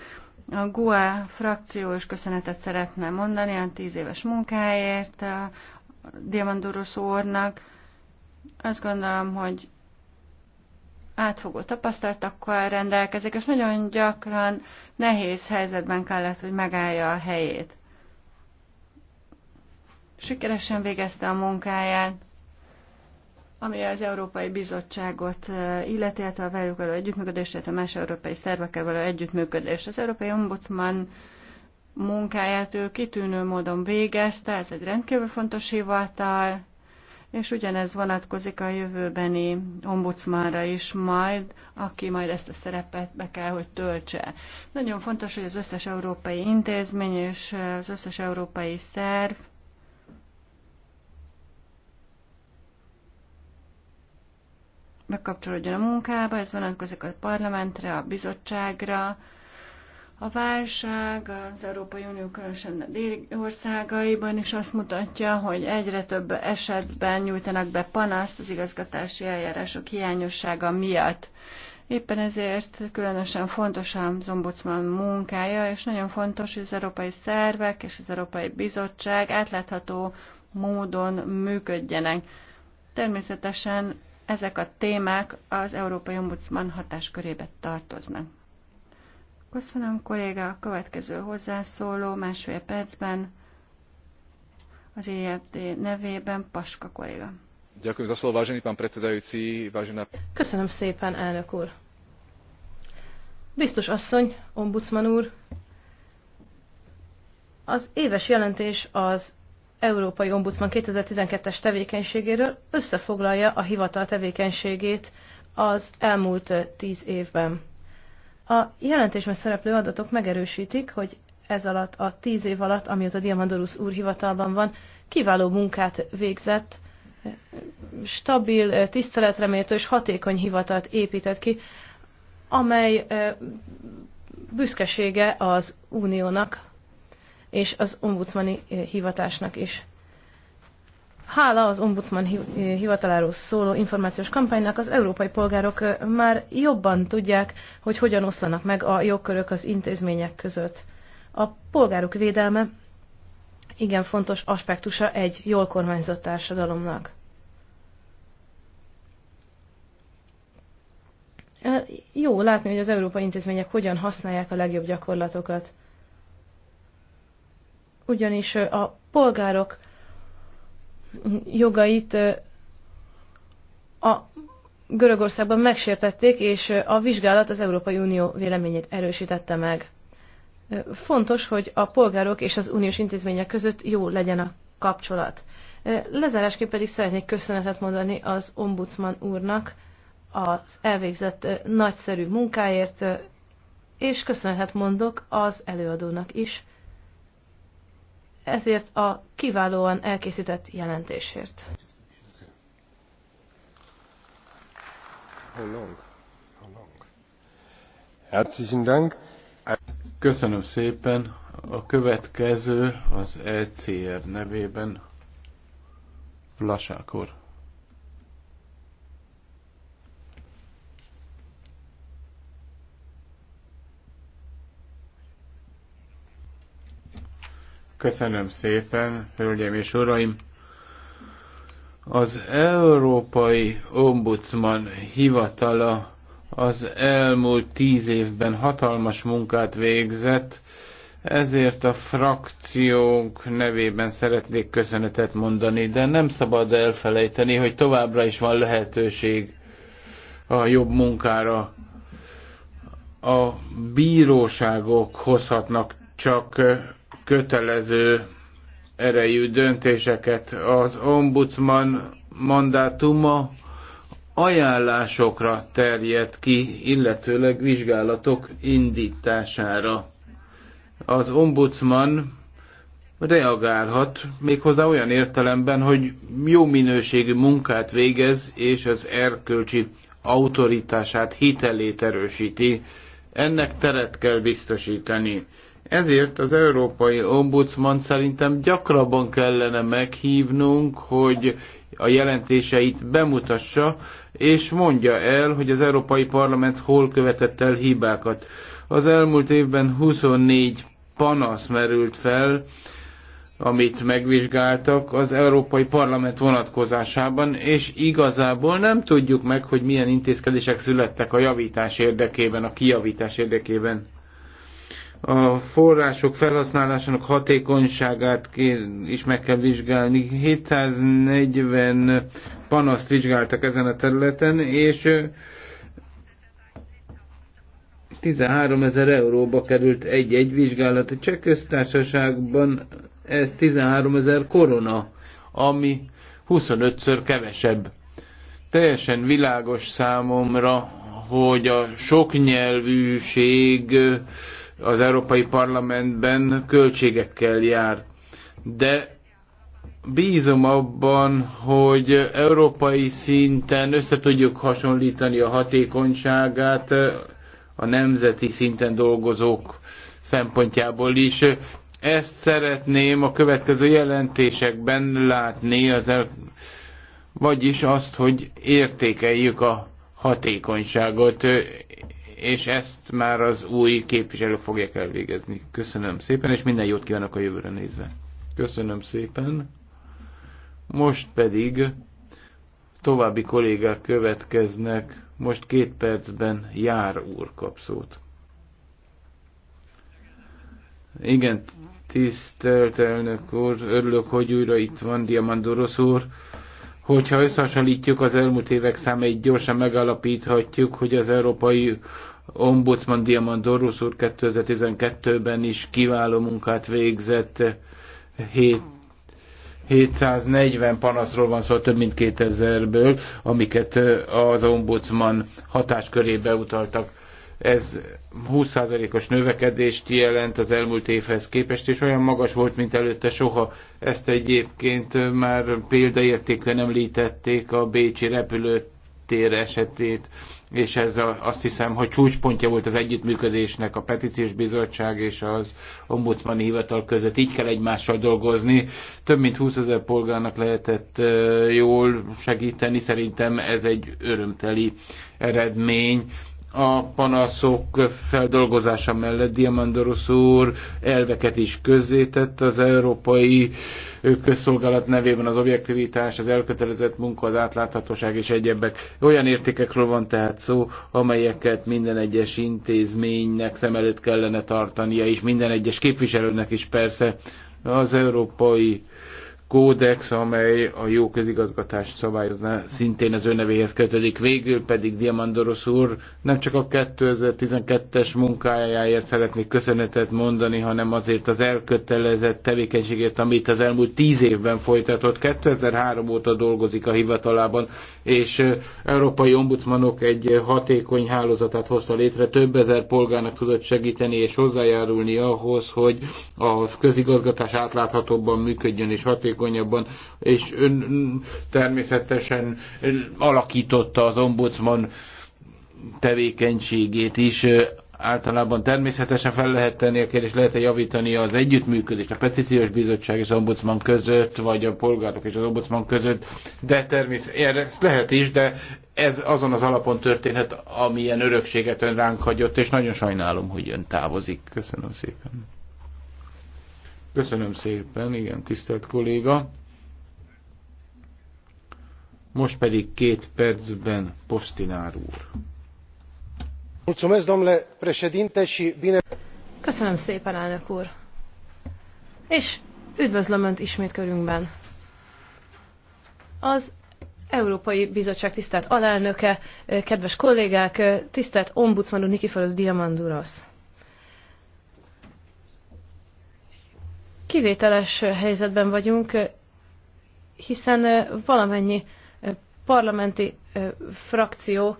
A GUA frakció is köszönetet szeretne mondani a tíz éves munkáért a Diamandurus úrnak. Azt gondolom, hogy átfogó tapasztalatokkal rendelkezik, és nagyon gyakran nehéz helyzetben kellett, hogy megállja a helyét. Sikeresen végezte a munkáját, ami az Európai Bizottságot illeti, illetve hát a velük való együttműködést, illetve más európai szervekkel való együttműködést. Az Európai Ombudsman munkáját ő kitűnő módon végezte, ez egy rendkívül fontos hivatal, és ugyanez vonatkozik a jövőbeni ombudsmanra is majd, aki majd ezt a szerepet be kell, hogy töltse. Nagyon fontos, hogy az összes európai intézmény és az összes európai szerv megkapcsolódjon a munkába, ez vonatkozik a parlamentre, a bizottságra, a válság az Európai Unió különösen a déli országaiban is azt mutatja, hogy egyre több esetben nyújtanak be panaszt az igazgatási eljárások hiányossága miatt. Éppen ezért különösen fontos a Zombudsman munkája, és nagyon fontos, hogy az európai szervek és az Európai Bizottság átlátható módon működjenek. Természetesen ezek a témák az Európai Ombudsman hatáskörébe tartoznak. Köszönöm, kolléga, a következő hozzászóló másfél percben az IRT e nevében Paska kolléga. Ďakujem za slovo, vážený pán predsedajúci, vážená... Köszönöm szépen, elnök úr. Biztos asszony, ombudsman úr, az éves jelentés az Európai Ombudsman 2012-es tevékenységéről összefoglalja a hivatal tevékenységét az elmúlt tíz évben. A jelentésben szereplő adatok megerősítik, hogy ez alatt a tíz év alatt, amióta Diamandorus úr hivatalban van, kiváló munkát végzett, stabil, tiszteletreméltő és hatékony hivatalt épített ki, amely büszkesége az uniónak, és az ombudsmani eh, hivatásnak is. Hála az ombudsman eh, hivataláról szóló információs kampánynak az európai polgárok eh, már jobban tudják, hogy hogyan oszlanak meg a jogkörök az intézmények között. A polgárok védelme igen fontos aspektusa egy jól kormányzott társadalomnak. Jó látni, hogy az európai intézmények hogyan használják a legjobb gyakorlatokat ugyanis a polgárok jogait a Görögországban megsértették, és a vizsgálat az Európai Unió véleményét erősítette meg. Fontos, hogy a polgárok és az uniós intézmények között jó legyen a kapcsolat. Lezárásképp pedig szeretnék köszönetet mondani az ombudsman úrnak az elvégzett nagyszerű munkáért, és köszönetet mondok az előadónak is, ezért a kiválóan elkészített jelentésért. Köszönöm szépen. A következő az ECR nevében Vlasák úr. Köszönöm szépen, hölgyeim és uraim! Az Európai Ombudsman hivatala az elmúlt tíz évben hatalmas munkát végzett, ezért a frakciónk nevében szeretnék köszönetet mondani, de nem szabad elfelejteni, hogy továbbra is van lehetőség a jobb munkára. A bíróságok hozhatnak csak kötelező erejű döntéseket. Az ombudsman mandátuma ajánlásokra terjed ki, illetőleg vizsgálatok indítására. Az ombudsman reagálhat, méghozzá olyan értelemben, hogy jó minőségű munkát végez, és az erkölcsi autoritását, hitelét erősíti. Ennek teret kell biztosítani. Ezért az Európai Ombudsman szerintem gyakrabban kellene meghívnunk, hogy a jelentéseit bemutassa, és mondja el, hogy az Európai Parlament hol követett el hibákat. Az elmúlt évben 24 panasz merült fel, amit megvizsgáltak az Európai Parlament vonatkozásában, és igazából nem tudjuk meg, hogy milyen intézkedések születtek a javítás érdekében, a kijavítás érdekében a források felhasználásának hatékonyságát is meg kell vizsgálni. 740 panaszt vizsgáltak ezen a területen, és 13 ezer euróba került egy-egy vizsgálat. A cseh köztársaságban ez 13 ezer korona, ami 25-ször kevesebb. Teljesen világos számomra, hogy a soknyelvűség az Európai Parlamentben költségekkel jár. De bízom abban, hogy európai szinten össze tudjuk hasonlítani a hatékonyságát a nemzeti szinten dolgozók szempontjából is. Ezt szeretném a következő jelentésekben látni, az el, vagyis azt, hogy értékeljük a hatékonyságot és ezt már az új képviselők fogják elvégezni. Köszönöm szépen, és minden jót kívánok a jövőre nézve. Köszönöm szépen. Most pedig további kollégák következnek. Most két percben jár úr kap szót. Igen, tisztelt elnök úr, örülök, hogy újra itt van Diamandoros úr. Hogyha összehasonlítjuk az elmúlt évek számait, gyorsan megalapíthatjuk, hogy az Európai Ombudsman Dorus úr 2012-ben is kiváló munkát végzett, 7 740 panaszról van szó, több mint 2000-ből, amiket az ombudsman hatáskörébe utaltak. Ez 20%-os növekedést jelent az elmúlt évhez képest, és olyan magas volt, mint előtte soha. Ezt egyébként már példaértékben említették a Bécsi repülőtér esetét és ez a azt hiszem, hogy csúcspontja volt az együttműködésnek a petíciós bizottság és az ombudsmani hivatal között. Így kell egymással dolgozni. Több mint 20 ezer polgárnak lehetett jól segíteni. Szerintem ez egy örömteli eredmény a panaszok feldolgozása mellett Diamandoros úr elveket is közzétett az európai közszolgálat nevében az objektivitás, az elkötelezett munka, az átláthatóság és egyebek. Olyan értékekről van tehát szó, amelyeket minden egyes intézménynek szem előtt kellene tartania, és minden egyes képviselőnek is persze az európai kódex, amely a jó közigazgatást szabályozna, szintén az ő nevéhez kötődik. Végül pedig Diamandoros úr nem csak a 2012-es munkájáért szeretnék köszönetet mondani, hanem azért az elkötelezett tevékenységért, amit az elmúlt tíz évben folytatott. 2003 óta dolgozik a hivatalában, és európai ombudsmanok egy hatékony hálózatát hozta létre, több ezer polgárnak tudott segíteni és hozzájárulni ahhoz, hogy a közigazgatás átláthatóbban működjön és hatékony hatékonyabban, és ön természetesen alakította az ombudsman tevékenységét is. Általában természetesen fel lehet tenni a kérdést, lehet-e javítani az együttműködést a petíciós bizottság és az ombudsman között, vagy a polgárok és az ombudsman között, de természetesen ezt lehet is, de ez azon az alapon történhet, amilyen örökséget ön ránk hagyott, és nagyon sajnálom, hogy ön távozik. Köszönöm szépen. Köszönöm szépen, igen, tisztelt kolléga. Most pedig két percben Postinár úr. bine... Köszönöm szépen, elnök úr. És üdvözlöm Önt ismét körünkben. Az Európai Bizottság tisztelt alelnöke, kedves kollégák, tisztelt ombudsman úr Nikiforos Diamandurosz. kivételes helyzetben vagyunk, hiszen valamennyi parlamenti frakció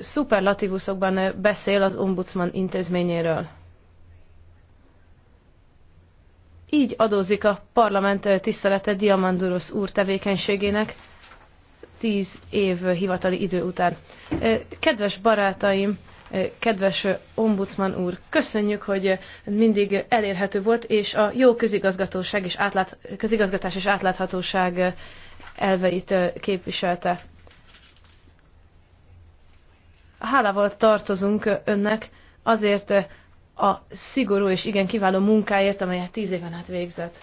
szuperlatívuszokban beszél az ombudsman intézményéről. Így adózik a parlament tisztelete Diamandurosz úr tevékenységének tíz év hivatali idő után. Kedves barátaim, Kedves ombudsman úr, köszönjük, hogy mindig elérhető volt, és a jó közigazgatóság és átlát, közigazgatás és átláthatóság elveit képviselte. Hálával tartozunk önnek azért a szigorú és igen kiváló munkáért, amelyet tíz éven át végzett.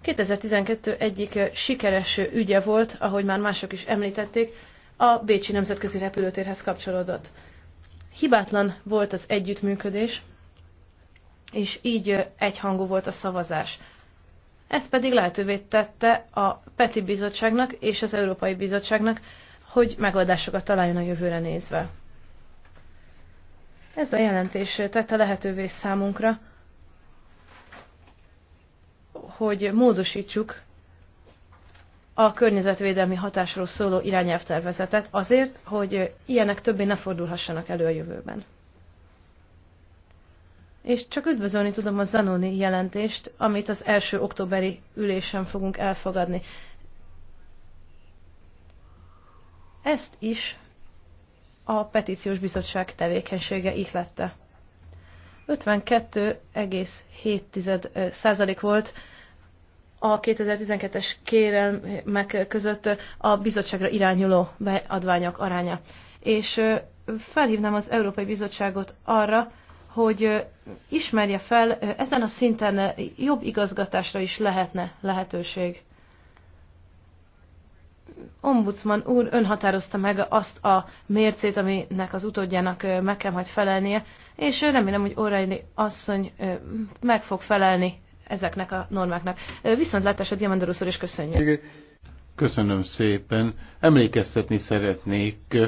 2012 egyik sikeres ügye volt, ahogy már mások is említették, a Bécsi Nemzetközi Repülőtérhez kapcsolódott. Hibátlan volt az együttműködés, és így egyhangú volt a szavazás. Ez pedig lehetővé tette a Peti Bizottságnak és az Európai Bizottságnak, hogy megoldásokat találjon a jövőre nézve. Ez a jelentés tette lehetővé számunkra, hogy módosítsuk a környezetvédelmi hatásról szóló irányelvtervezetet azért, hogy ilyenek többé ne fordulhassanak elő a jövőben. És csak üdvözölni tudom a Zanoni jelentést, amit az első októberi ülésen fogunk elfogadni. Ezt is a petíciós bizottság tevékenysége ihlette. 52,7% volt a 2012-es kérelmek között a bizottságra irányuló beadványok aránya. És felhívnám az Európai Bizottságot arra, hogy ismerje fel, ezen a szinten jobb igazgatásra is lehetne lehetőség. Ombudsman úr ön határozta meg azt a mércét, aminek az utódjának meg kell majd felelnie, és remélem, hogy O'Reilly asszony meg fog felelni ezeknek a normáknak. Viszontlátásra Diamandorusz úr és köszönjük. Köszönöm szépen. Emlékeztetni szeretnék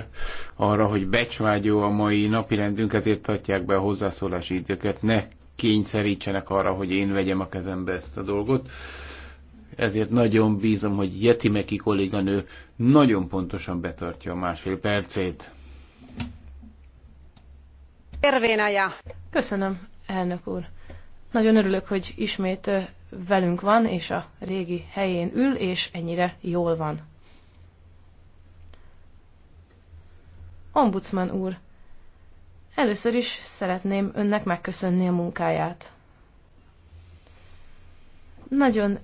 arra, hogy becsvágyó a mai napirendünk, ezért adják be a hozzászólási időket. Ne kényszerítsenek arra, hogy én vegyem a kezembe ezt a dolgot. Ezért nagyon bízom, hogy Jeti Meki kolléganő nagyon pontosan betartja a másfél percét. Érvénája. Köszönöm, elnök úr. Nagyon örülök, hogy ismét velünk van, és a régi helyén ül, és ennyire jól van. Ombudsman úr, először is szeretném önnek megköszönni a munkáját. Nagyon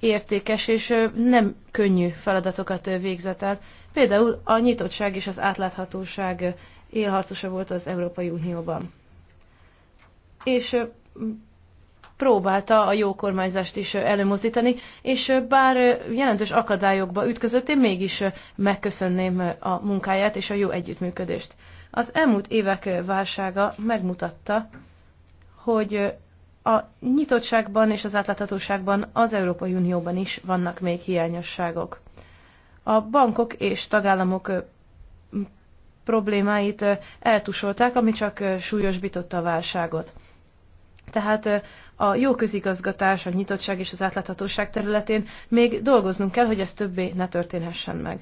értékes és nem könnyű feladatokat végzett el. Például a nyitottság és az átláthatóság élharcosa volt az Európai Unióban. És próbálta a jó kormányzást is előmozdítani, és bár jelentős akadályokba ütközött, én mégis megköszönném a munkáját és a jó együttműködést. Az elmúlt évek válsága megmutatta, hogy a nyitottságban és az átláthatóságban az Európai Unióban is vannak még hiányosságok. A bankok és tagállamok problémáit eltusolták, ami csak súlyosbította a válságot. Tehát a jó közigazgatás, a nyitottság és az átláthatóság területén még dolgoznunk kell, hogy ez többé ne történhessen meg.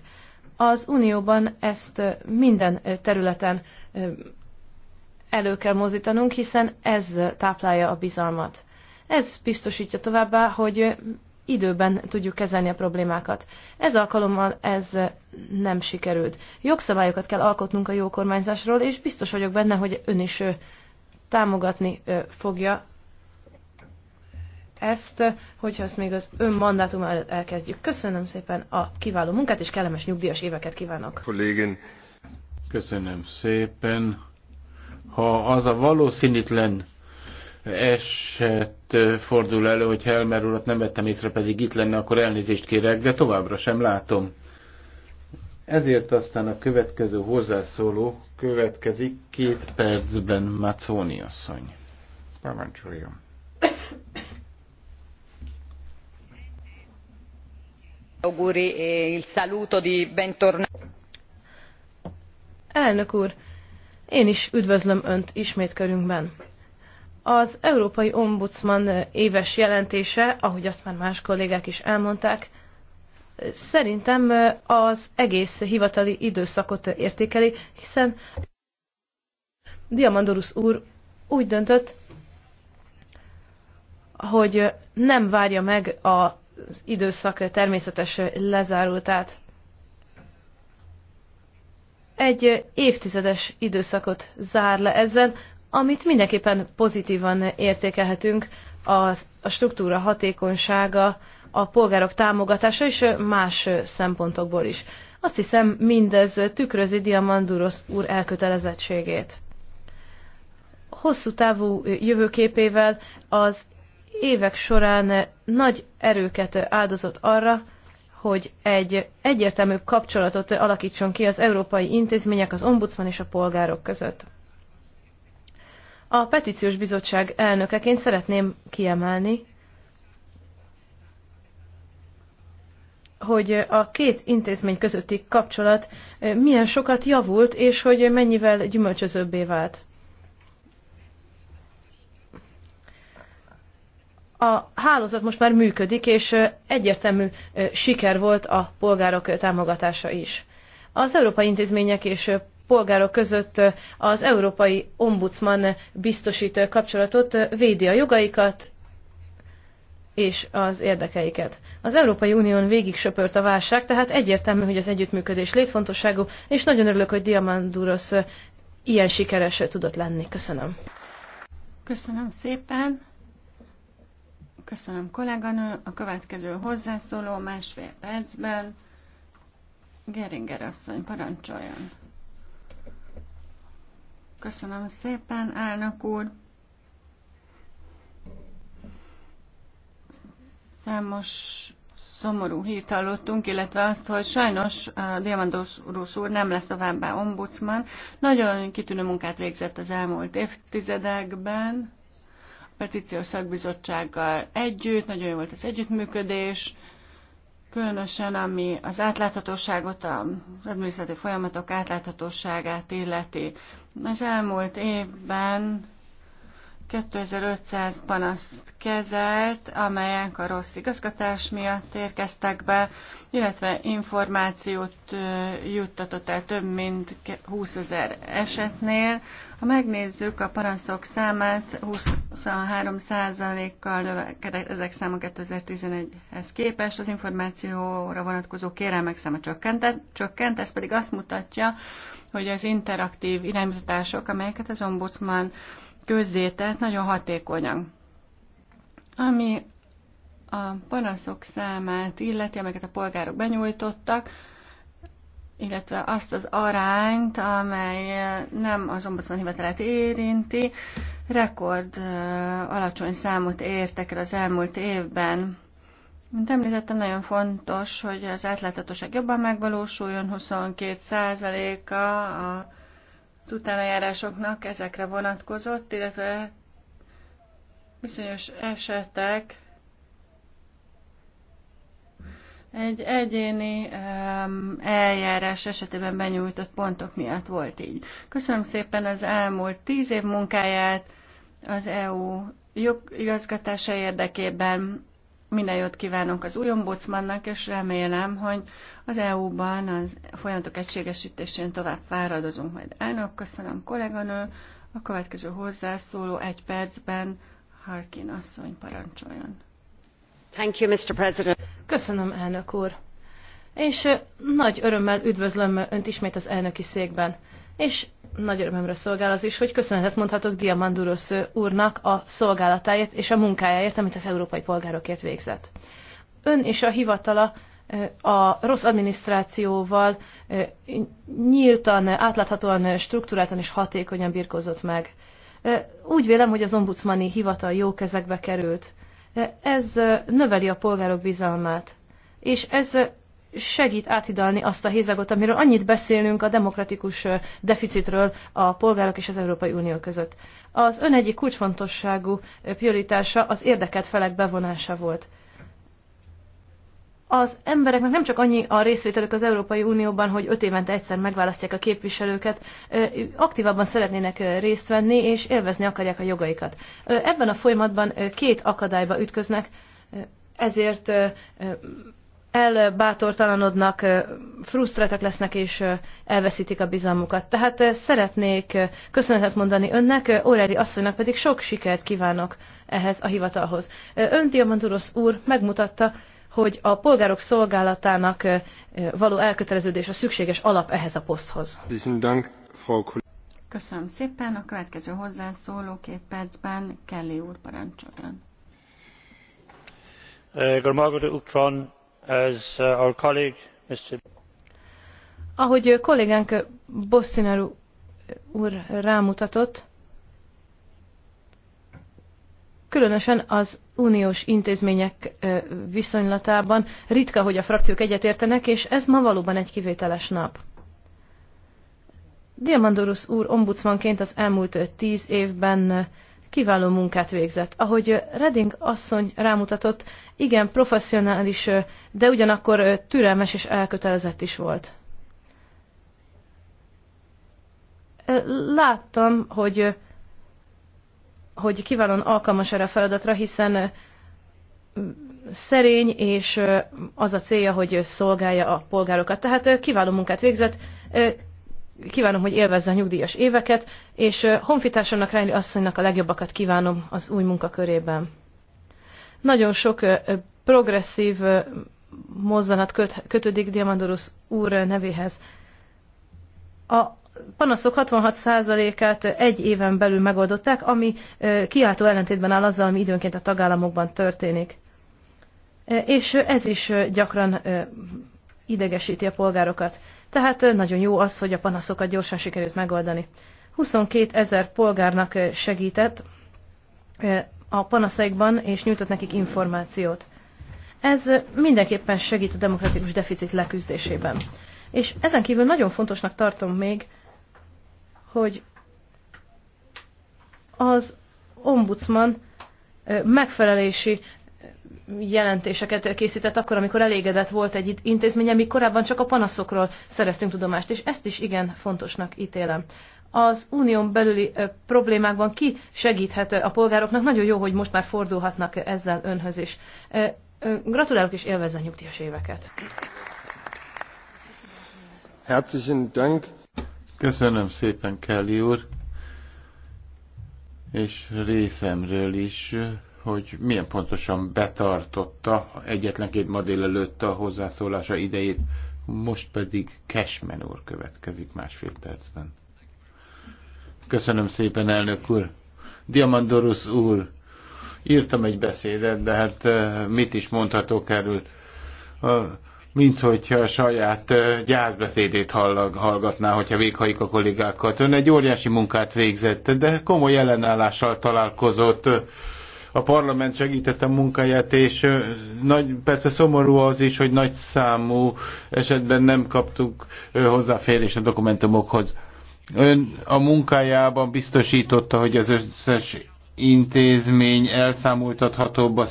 Az Unióban ezt minden területen elő kell mozdítanunk, hiszen ez táplálja a bizalmat. Ez biztosítja továbbá, hogy időben tudjuk kezelni a problémákat. Ez alkalommal ez nem sikerült. Jogszabályokat kell alkotnunk a jó kormányzásról, és biztos vagyok benne, hogy ön is támogatni fogja ezt, hogyha ezt még az ön mandátum előtt elkezdjük. Köszönöm szépen a kiváló munkát, és kellemes nyugdíjas éveket kívánok. Kollégén. Köszönöm szépen. Ha az a valószínűtlen eset fordul elő, hogy Helmer urat nem vettem észre, pedig itt lenne, akkor elnézést kérek, de továbbra sem látom. Ezért aztán a következő hozzászóló következik két percben Macóni asszony. Parancsoljon. E il saluto di Elnök úr, én is üdvözlöm Önt ismét körünkben. Az Európai Ombudsman éves jelentése, ahogy azt már más kollégák is elmondták, szerintem az egész hivatali időszakot értékeli, hiszen Diamandorus úr úgy döntött, hogy nem várja meg a az időszak természetes lezárultát. Egy évtizedes időszakot zár le ezzel, amit mindenképpen pozitívan értékelhetünk, a, a struktúra hatékonysága, a polgárok támogatása és más szempontokból is. Azt hiszem, mindez tükrözi Diamandurosz úr elkötelezettségét. Hosszú távú jövőképével az évek során nagy erőket áldozott arra, hogy egy egyértelműbb kapcsolatot alakítson ki az európai intézmények, az ombudsman és a polgárok között. A petíciós bizottság elnökeként szeretném kiemelni, hogy a két intézmény közötti kapcsolat milyen sokat javult, és hogy mennyivel gyümölcsözőbbé vált. a hálózat most már működik, és egyértelmű siker volt a polgárok támogatása is. Az európai intézmények és polgárok között az európai ombudsman biztosít kapcsolatot, védi a jogaikat és az érdekeiket. Az Európai Unión végig söpört a válság, tehát egyértelmű, hogy az együttműködés létfontosságú, és nagyon örülök, hogy Diamandurosz ilyen sikeres tudott lenni. Köszönöm. Köszönöm szépen. Köszönöm kolléganő. A következő hozzászóló másfél percben. Geringer asszony, parancsoljon. Köszönöm szépen, állnak úr. Számos szomorú hírt hallottunk, illetve azt, hogy sajnos uh, Diamandos úr nem lesz továbbá ombudsman. Nagyon kitűnő munkát végzett az elmúlt évtizedekben petíciós szakbizottsággal együtt, nagyon jó volt az együttműködés, különösen ami az átláthatóságot, az adminisztratív folyamatok átláthatóságát illeti. Az elmúlt évben 2500 panaszt kezelt, amelyek a rossz igazgatás miatt érkeztek be, illetve információt juttatott el több mint 20 ezer esetnél. Ha megnézzük a panaszok számát, 23%-kal növekedett ezek száma 2011-hez képest, az információra vonatkozó kérelmek száma csökkent, csökkent, ez pedig azt mutatja, hogy az interaktív iránymutatások, amelyeket az ombudsman közzétett nagyon hatékonyan. Ami a panaszok számát illeti, amelyeket a polgárok benyújtottak, illetve azt az arányt, amely nem az ombudsman hivatalát érinti, rekord alacsony számot értek el az elmúlt évben. Mint említettem, nagyon fontos, hogy az átláthatóság jobban megvalósuljon, 22 százaléka a az utánajárásoknak ezekre vonatkozott, illetve bizonyos esetek egy egyéni um, eljárás esetében benyújtott pontok miatt volt így. Köszönöm szépen az elmúlt tíz év munkáját az EU jogigazgatása érdekében minden jót kívánunk az új ombudsmannak, és remélem, hogy az EU-ban a folyamatok egységesítésén tovább fáradozunk majd. Elnök, köszönöm kolléganő, a következő hozzászóló egy percben Harkin asszony parancsoljon. Thank you, Mr. President. Köszönöm, elnök úr. És nagy örömmel üdvözlöm Önt ismét az elnöki székben és nagy örömömre szolgál az is, hogy köszönetet mondhatok Diamandurosz úrnak a szolgálatáért és a munkájáért, amit az európai polgárokért végzett. Ön és a hivatala a rossz adminisztrációval nyíltan, átláthatóan, struktúráltan és hatékonyan birkozott meg. Úgy vélem, hogy az ombudsmani hivatal jó kezekbe került. Ez növeli a polgárok bizalmát, és ez segít áthidalni azt a hézagot, amiről annyit beszélünk a demokratikus deficitről a polgárok és az Európai Unió között. Az ön egyik kulcsfontosságú prioritása az érdekelt felek bevonása volt. Az embereknek nem csak annyi a részvételük az Európai Unióban, hogy öt évente egyszer megválasztják a képviselőket, aktívabban szeretnének részt venni, és élvezni akarják a jogaikat. Ebben a folyamatban két akadályba ütköznek, ezért elbátortalanodnak, frusztráltak lesznek és elveszítik a bizalmukat. Tehát szeretnék köszönetet mondani önnek, Óreli asszonynak pedig sok sikert kívánok ehhez a hivatalhoz. Ön Diamanturosz úr megmutatta, hogy a polgárok szolgálatának való elköteleződés a szükséges alap ehhez a poszthoz. Köszönöm szépen. A következő hozzászóló két percben Kelly úr parancsoljon. Eh, Uh, Ahogy uh, kollégánk uh, Bosszináru úr rámutatott, különösen az uniós intézmények viszonylatában ritka, hogy a frakciók egyetértenek, és ez ma valóban egy kivételes nap. diamandouros úr ombudsmanként az elmúlt tíz évben kiváló munkát végzett. Ahogy Reding asszony rámutatott, igen, professzionális, de ugyanakkor türelmes és elkötelezett is volt. Láttam, hogy, hogy kiválóan alkalmas erre a feladatra, hiszen szerény, és az a célja, hogy szolgálja a polgárokat. Tehát kiváló munkát végzett kívánom, hogy élvezze a nyugdíjas éveket, és honfitársamnak, Reilly asszonynak a legjobbakat kívánom az új munkakörében. Nagyon sok progresszív mozzanat köt, kötődik Diamandorus úr nevéhez. A panaszok 66%-át egy éven belül megoldották, ami kiáltó ellentétben áll azzal, ami időnként a tagállamokban történik. És ez is gyakran idegesíti a polgárokat tehát nagyon jó az, hogy a panaszokat gyorsan sikerült megoldani. 22 ezer polgárnak segített a panaszaikban, és nyújtott nekik információt. Ez mindenképpen segít a demokratikus deficit leküzdésében. És ezen kívül nagyon fontosnak tartom még, hogy az ombudsman megfelelési jelentéseket készített akkor, amikor elégedett volt egy intézmény, mi korábban csak a panaszokról szereztünk tudomást, és ezt is igen fontosnak ítélem. Az unión belüli problémákban ki segíthet a polgároknak? Nagyon jó, hogy most már fordulhatnak ezzel önhöz is. Gratulálok és élvezze a nyugdíjas éveket! Herzlichen Dank! Köszönöm szépen, Kelly úr! És részemről is hogy milyen pontosan betartotta egyetlen két ma délelőtt a hozzászólása idejét, most pedig Cashman úr következik másfél percben. Köszönöm szépen, elnök úr. Diamandorus úr, írtam egy beszédet, de hát eh, mit is mondhatok erről? mint hogyha a saját eh, gyászbeszédét hallgatná, hogyha véghajik a kollégákat. Ön egy óriási munkát végzett, de komoly ellenállással találkozott eh, a parlament segítette a munkáját, és nagy, persze szomorú az is, hogy nagy számú esetben nem kaptuk hozzáférést a dokumentumokhoz. Ön a munkájában biztosította, hogy az összes intézmény elszámoltathatóbb a,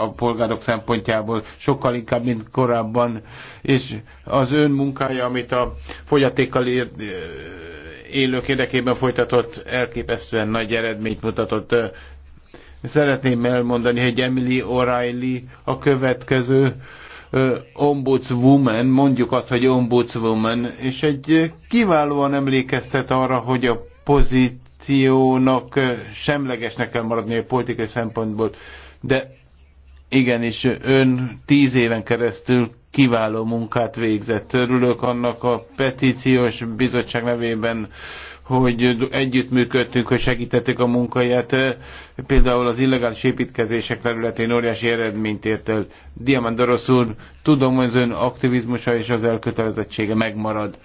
a polgárok szempontjából, sokkal inkább, mint korábban, és az ön munkája, amit a fogyatékkal ér, élők érdekében folytatott, elképesztően nagy eredményt mutatott. Szeretném elmondani, hogy Emily O'Reilly a következő ombudswoman, mondjuk azt, hogy ombudswoman, és egy kiválóan emlékeztet arra, hogy a pozíciónak semlegesnek kell maradni a politikai szempontból, de igenis ön tíz éven keresztül kiváló munkát végzett. Örülök annak a petíciós bizottság nevében, hogy együttműködtünk, hogy segítették a munkáját. Például az illegális építkezések területén óriási eredményt ért el. Dorosz úr, tudom, hogy az ön aktivizmusa és az elkötelezettsége megmarad.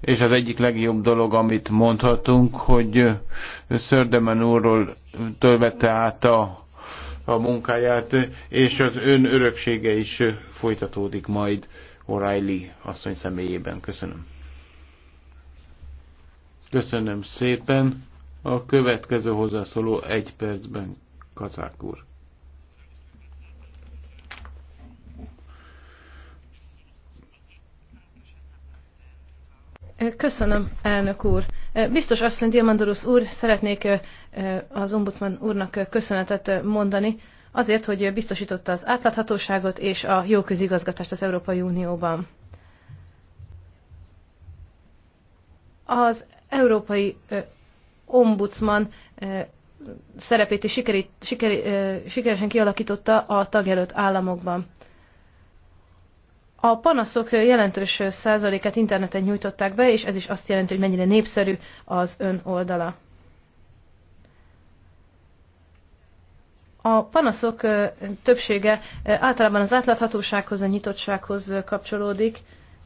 És az egyik legjobb dolog, amit mondhatunk, hogy Szördemen úrról tölvette át a a munkáját, és az ön öröksége is folytatódik majd O'Reilly asszony személyében. Köszönöm. Köszönöm szépen. A következő hozzászóló egy percben, Kazák úr. Köszönöm, elnök úr. Biztos asszony Diamandorus úr, szeretnék az ombudsman úrnak köszönetet mondani azért, hogy biztosította az átláthatóságot és a jó közigazgatást az Európai Unióban. Az Európai Ombudsman szerepét is sikeri, sikeri, sikeresen kialakította a tagjelölt államokban. A panaszok jelentős százalékát interneten nyújtották be, és ez is azt jelenti, hogy mennyire népszerű az ön oldala. A panaszok többsége általában az átláthatósághoz, a nyitottsághoz kapcsolódik,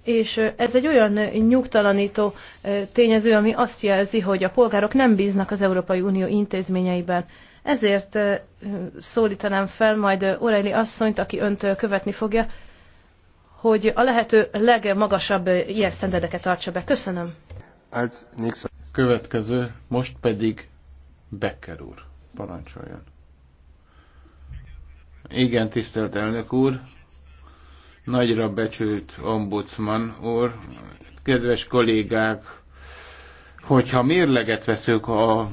és ez egy olyan nyugtalanító tényező, ami azt jelzi, hogy a polgárok nem bíznak az Európai Unió intézményeiben. Ezért szólítanám fel majd Oreli asszonyt, aki önt követni fogja, hogy a lehető legmagasabb ilyen sztenderdeket tartsa be. Köszönöm. Hát, Következő, most pedig Becker úr. Parancsoljon. Igen, tisztelt elnök úr, nagyra becsült ombudsman úr, kedves kollégák, hogyha mérleget veszük a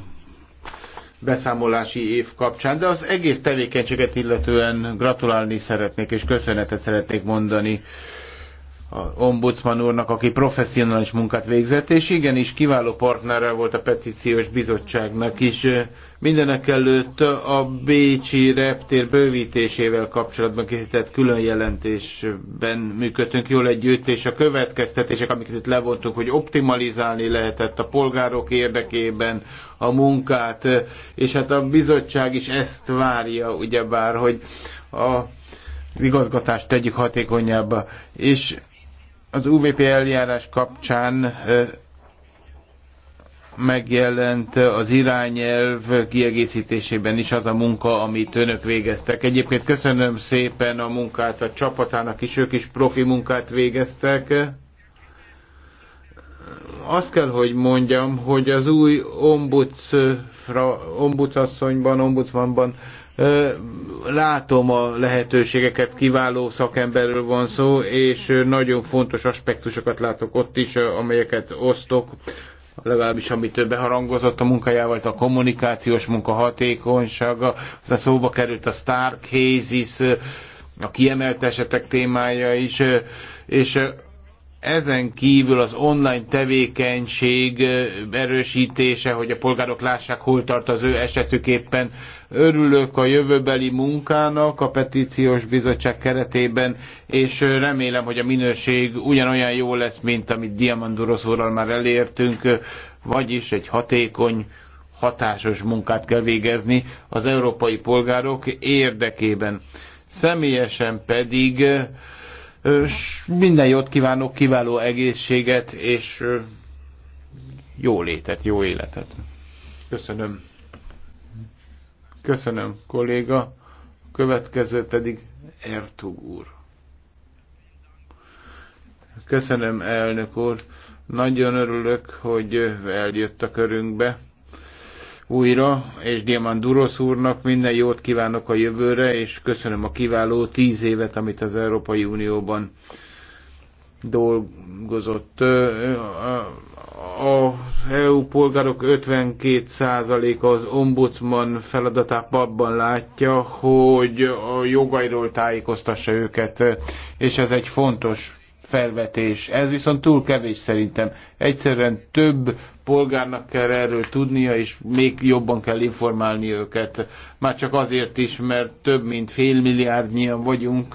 beszámolási év kapcsán, de az egész tevékenységet illetően gratulálni szeretnék és köszönetet szeretnék mondani a ombudsman úrnak, aki professzionális munkát végzett, és igenis kiváló partnere volt a petíciós bizottságnak is. Mindenek előtt a Bécsi reptér bővítésével kapcsolatban készített külön jelentésben működtünk jól együtt, és a következtetések, amiket itt levontunk, hogy optimalizálni lehetett a polgárok érdekében a munkát, és hát a bizottság is ezt várja, ugyebár, hogy a igazgatást tegyük hatékonyabbá. És az UVP eljárás kapcsán megjelent az irányelv kiegészítésében is az a munka, amit önök végeztek. Egyébként köszönöm szépen a munkát a csapatának is, ők is profi munkát végeztek. Azt kell, hogy mondjam, hogy az új ombuds, ombudsasszonyban, ombudsmanban látom a lehetőségeket, kiváló szakemberről van szó, és nagyon fontos aspektusokat látok ott is, amelyeket osztok legalábbis amit ő beharangozott a munkájával, a kommunikációs munka hatékonysága, aztán szóba került a Stark Hazis, a kiemelt esetek témája is, és ezen kívül az online tevékenység erősítése, hogy a polgárok lássák, hol tart az ő esetük éppen, Örülök a jövőbeli munkának a petíciós bizottság keretében, és remélem, hogy a minőség ugyanolyan jó lesz, mint amit Diamandurosz úrral már elértünk, vagyis egy hatékony, hatásos munkát kell végezni az európai polgárok érdekében. Személyesen pedig minden jót kívánok, kiváló egészséget és jó létet, jó életet. Köszönöm. Köszönöm, kolléga. Következő pedig Ertug úr. Köszönöm, elnök úr. Nagyon örülök, hogy eljött a körünkbe újra, és Diamandurosz úrnak minden jót kívánok a jövőre, és köszönöm a kiváló tíz évet, amit az Európai Unióban dolgozott a EU polgárok 52%-a az ombudsman feladatát abban látja, hogy a jogairól tájékoztassa őket, és ez egy fontos felvetés. Ez viszont túl kevés szerintem. Egyszerűen több polgárnak kell erről tudnia, és még jobban kell informálni őket. Már csak azért is, mert több mint fél milliárdnyian vagyunk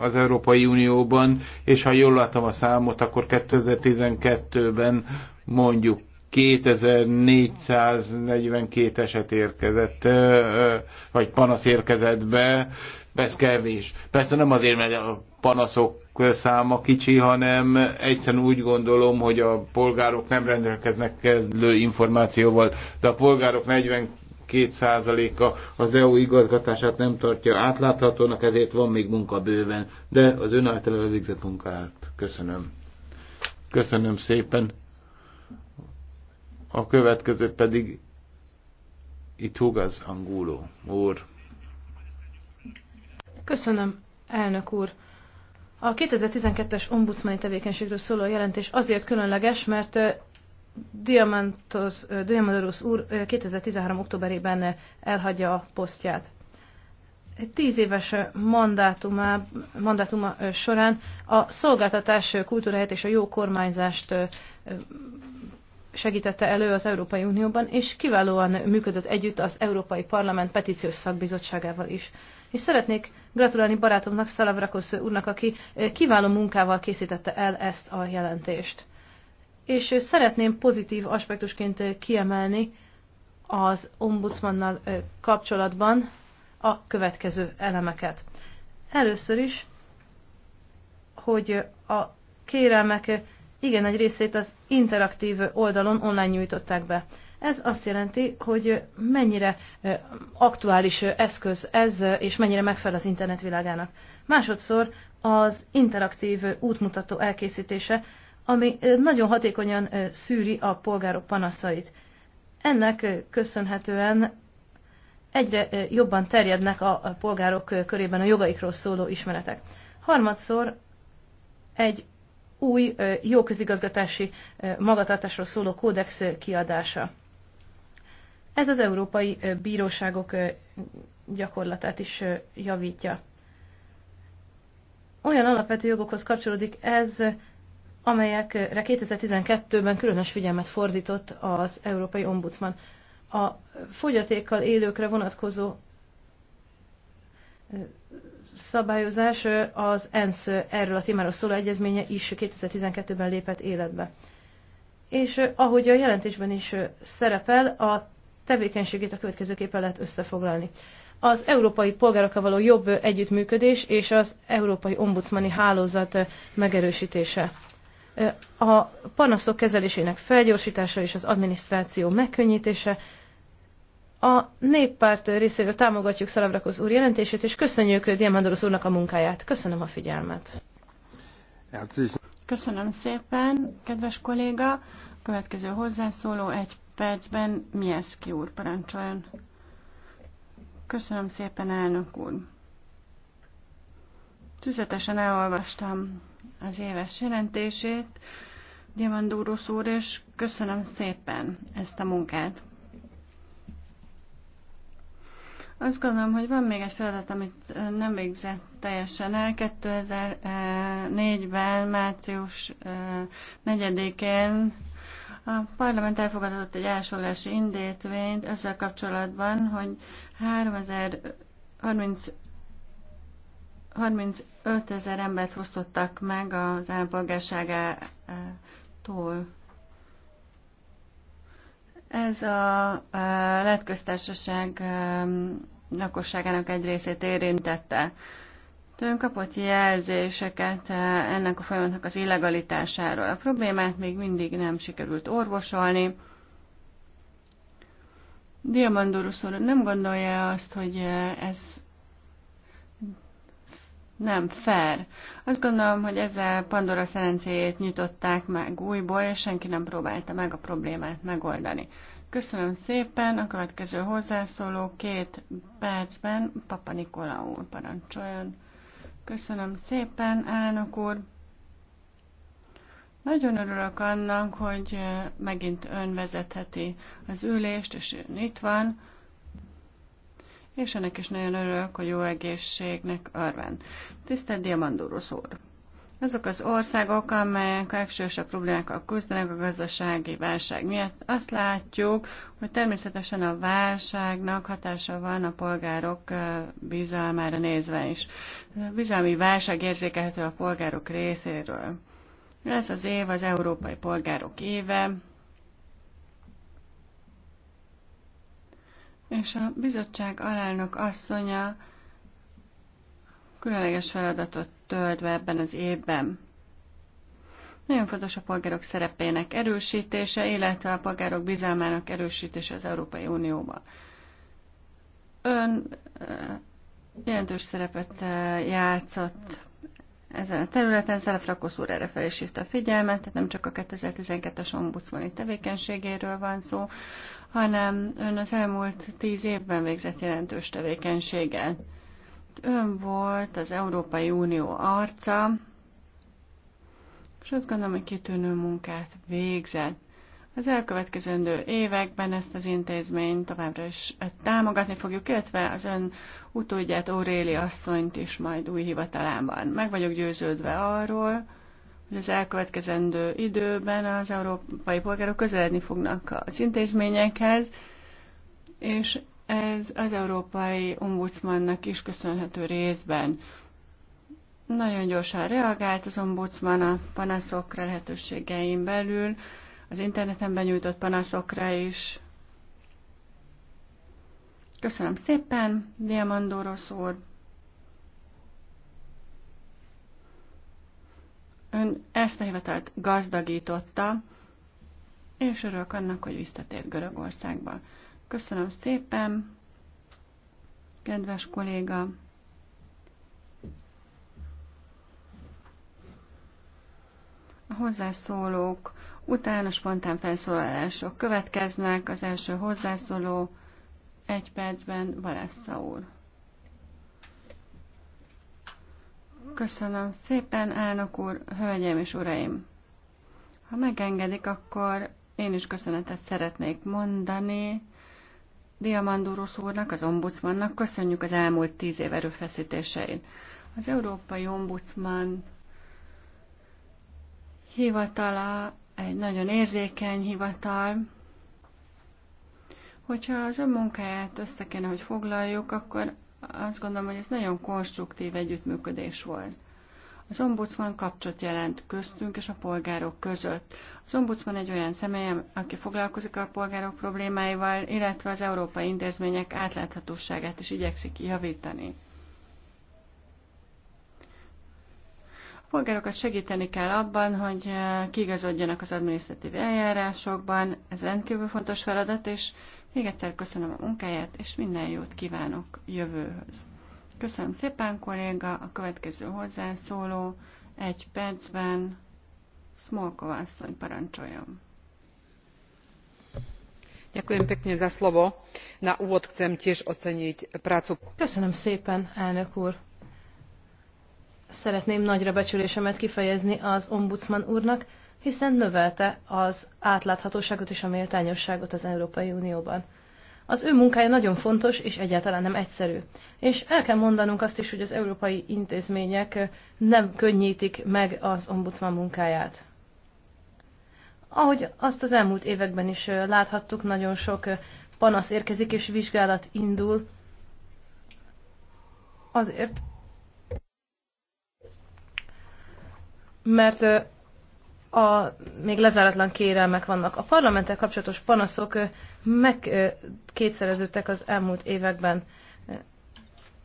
az Európai Unióban, és ha jól látom a számot, akkor 2012-ben mondjuk 2442 eset érkezett, vagy panasz érkezett be, ez kevés. Persze nem azért, mert a panaszok száma kicsi, hanem egyszerűen úgy gondolom, hogy a polgárok nem rendelkeznek kezdő információval, de a polgárok 40 2%-a az EU igazgatását nem tartja átláthatónak, ezért van még munka bőven, de az ön által elvégzett munkát köszönöm. Köszönöm szépen. A következő pedig itt Hugaz Anguló úr. Köszönöm, elnök úr. A 2012-es ombudsmani tevékenységről szóló jelentés azért különleges, mert Diamantos, Diamandoros úr 2013. októberében elhagyja a posztját. Egy tíz éves mandátuma, mandátuma során a szolgáltatás kultúráját és a jó kormányzást segítette elő az Európai Unióban, és kiválóan működött együtt az Európai Parlament petíciós szakbizottságával is. És szeretnék gratulálni barátomnak, Szalavrakosz úrnak, aki eh, kiváló munkával készítette el ezt a jelentést. És eh, szeretném pozitív aspektusként eh, kiemelni az ombudsmannal kapcsolatban a következő elemeket. Először is, hogy a kérelmek igen nagy részét az interaktív oldalon online nyújtották be. Ez azt jelenti, hogy mennyire aktuális eszköz ez, és mennyire megfelel az internet világának. Másodszor az interaktív útmutató elkészítése, ami nagyon hatékonyan szűri a polgárok panaszait. Ennek köszönhetően egyre jobban terjednek a polgárok körében a jogaikról szóló ismeretek. Harmadszor egy új jó közigazgatási magatartásról szóló kódex kiadása. Ez az európai bíróságok gyakorlatát is javítja. Olyan alapvető jogokhoz kapcsolódik ez, amelyekre 2012-ben különös figyelmet fordított az Európai Ombudsman. A fogyatékkal élőkre vonatkozó szabályozás, az ENSZ erről a témáról szóló egyezménye is 2012-ben lépett életbe. És ahogy a jelentésben is szerepel, a tevékenységét a következőképpen lehet összefoglalni. Az európai polgárokkal való jobb együttműködés és az európai ombudsmani hálózat megerősítése. A panaszok kezelésének felgyorsítása és az adminisztráció megkönnyítése, a néppárt részéről támogatjuk Szalavrakoz úr jelentését, és köszönjük Diamandoros úrnak a munkáját. Köszönöm a figyelmet. Köszönöm szépen, kedves kolléga. A következő hozzászóló egy percben Mieszki úr parancsoljon. Köszönöm szépen, elnök úr. Tüzetesen elolvastam az éves jelentését, Diamandúrusz úr, és köszönöm szépen ezt a munkát. Azt gondolom, hogy van még egy feladat, amit nem végzett teljesen el. 2004-ben, március 4-én a parlament elfogadott egy elsorlási indítvényt ezzel kapcsolatban, hogy 35 ezer embert hoztottak meg az állampolgárságától. Ez a lett köztársaság lakosságának egy részét érintette. Tőn kapott jelzéseket ennek a folyamatnak az illegalitásáról. A problémát még mindig nem sikerült orvosolni. Diamandorus úr nem gondolja azt, hogy ez nem fair. Azt gondolom, hogy ezzel Pandora szerencéjét nyitották meg újból, és senki nem próbálta meg a problémát megoldani. Köszönöm szépen, a következő hozzászóló két percben Papa Nikola úr parancsoljon. Köszönöm szépen, elnök úr. Nagyon örülök annak, hogy megint ön vezetheti az ülést, és ön itt van és ennek is nagyon örülök, hogy jó egészségnek örven. Tisztelt Diamandúros úr! Azok az országok, amelyek legsősebb problémákkal küzdenek a gazdasági válság miatt, azt látjuk, hogy természetesen a válságnak hatása van a polgárok bizalmára nézve is. A bizalmi válság érzékelhető a polgárok részéről. Ez az év az európai polgárok éve, És a bizottság alelnök asszonya különleges feladatot tölt ebben az évben. Nagyon fontos a polgárok szerepének erősítése, illetve a polgárok bizalmának erősítése az Európai Unióban. Ön jelentős szerepet játszott ezen a területen, Rakosz úr erre fel is hívta a figyelmet, tehát nem csak a 2012-es ombudsmani tevékenységéről van szó, hanem ön az elmúlt tíz évben végzett jelentős tevékenységgel. Ön volt az Európai Unió arca, és azt gondolom, hogy kitűnő munkát végzett. Az elkövetkezendő években ezt az intézményt továbbra is támogatni fogjuk, illetve az ön utódját Auréli asszonyt is majd új hivatalában. Meg vagyok győződve arról, hogy az elkövetkezendő időben az európai polgárok közeledni fognak az intézményekhez, és ez az európai ombudsmannak is köszönhető részben. Nagyon gyorsan reagált az ombudsman a panaszokra lehetőségein belül, az interneten benyújtott panaszokra is. Köszönöm szépen, Diamandoros úr! Ön ezt a hivatalt gazdagította, és örülök annak, hogy visszatért Görögországba. Köszönöm szépen, kedves kolléga! A hozzászólók utána spontán felszólalások következnek. Az első hozzászóló egy percben Valesza úr. Köszönöm szépen, elnök úr, hölgyeim és uraim! Ha megengedik, akkor én is köszönetet szeretnék mondani Diamandúros úrnak, az ombudsmannak. Köszönjük az elmúlt tíz év erőfeszítéseit. Az Európai Ombudsman hivatala egy nagyon érzékeny hivatal. Hogyha az ön munkáját össze kéne, hogy foglaljuk, akkor azt gondolom, hogy ez nagyon konstruktív együttműködés volt. Az ombudsman kapcsot jelent köztünk és a polgárok között. Az ombudsman egy olyan személy, aki foglalkozik a polgárok problémáival, illetve az európai intézmények átláthatóságát is igyekszik javítani. A polgárokat segíteni kell abban, hogy eh, kigazodjanak az adminisztratív eljárásokban, ez rendkívül fontos feladat, és még egyszer köszönöm a munkáját, és minden jót kívánok jövőhöz. Köszönöm szépen, kolléga, a következő hozzászóló egy percben Smolkova asszony parancsoljon. Ďakujem pekne za slovo. Na úvod chcem tiež oceniť prácu. Köszönöm szépen, elnök úr. Szeretném nagyra becsülésemet kifejezni az ombudsman úrnak, hiszen növelte az átláthatóságot és a méltányosságot az Európai Unióban. Az ő munkája nagyon fontos, és egyáltalán nem egyszerű. És el kell mondanunk azt is, hogy az európai intézmények nem könnyítik meg az ombudsman munkáját. Ahogy azt az elmúlt években is láthattuk, nagyon sok panasz érkezik, és vizsgálat indul. Azért, mert a még lezáratlan kérelmek vannak. A parlamenttel kapcsolatos panaszok megkétszereződtek az elmúlt években.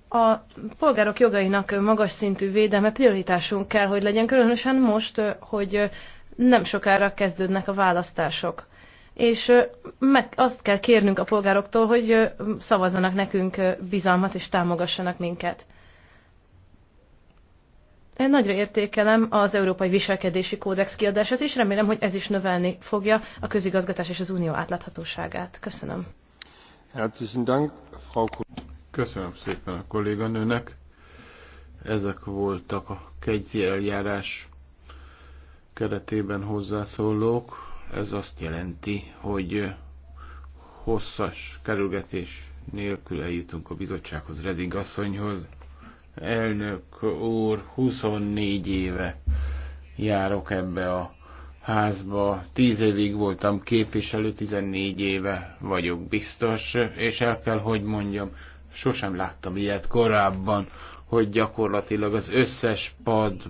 A polgárok jogainak magas szintű védelme prioritásunk kell, hogy legyen, különösen most, hogy nem sokára kezdődnek a választások. És meg azt kell kérnünk a polgároktól, hogy szavazzanak nekünk bizalmat és támogassanak minket. Nagyra értékelem az Európai Viselkedési Kódex kiadását, és remélem, hogy ez is növelni fogja a közigazgatás és az unió átláthatóságát. Köszönöm. Herzlichen Dank, Frau Köszönöm szépen a kolléganőnek. Ezek voltak a kegyzi eljárás keretében hozzászólók. Ez azt jelenti, hogy hosszas kerülgetés nélkül eljutunk a bizottsághoz, Reding asszonyhoz elnök úr, 24 éve járok ebbe a házba. 10 évig voltam képviselő, 14 éve vagyok biztos, és el kell, hogy mondjam, sosem láttam ilyet korábban, hogy gyakorlatilag az összes pad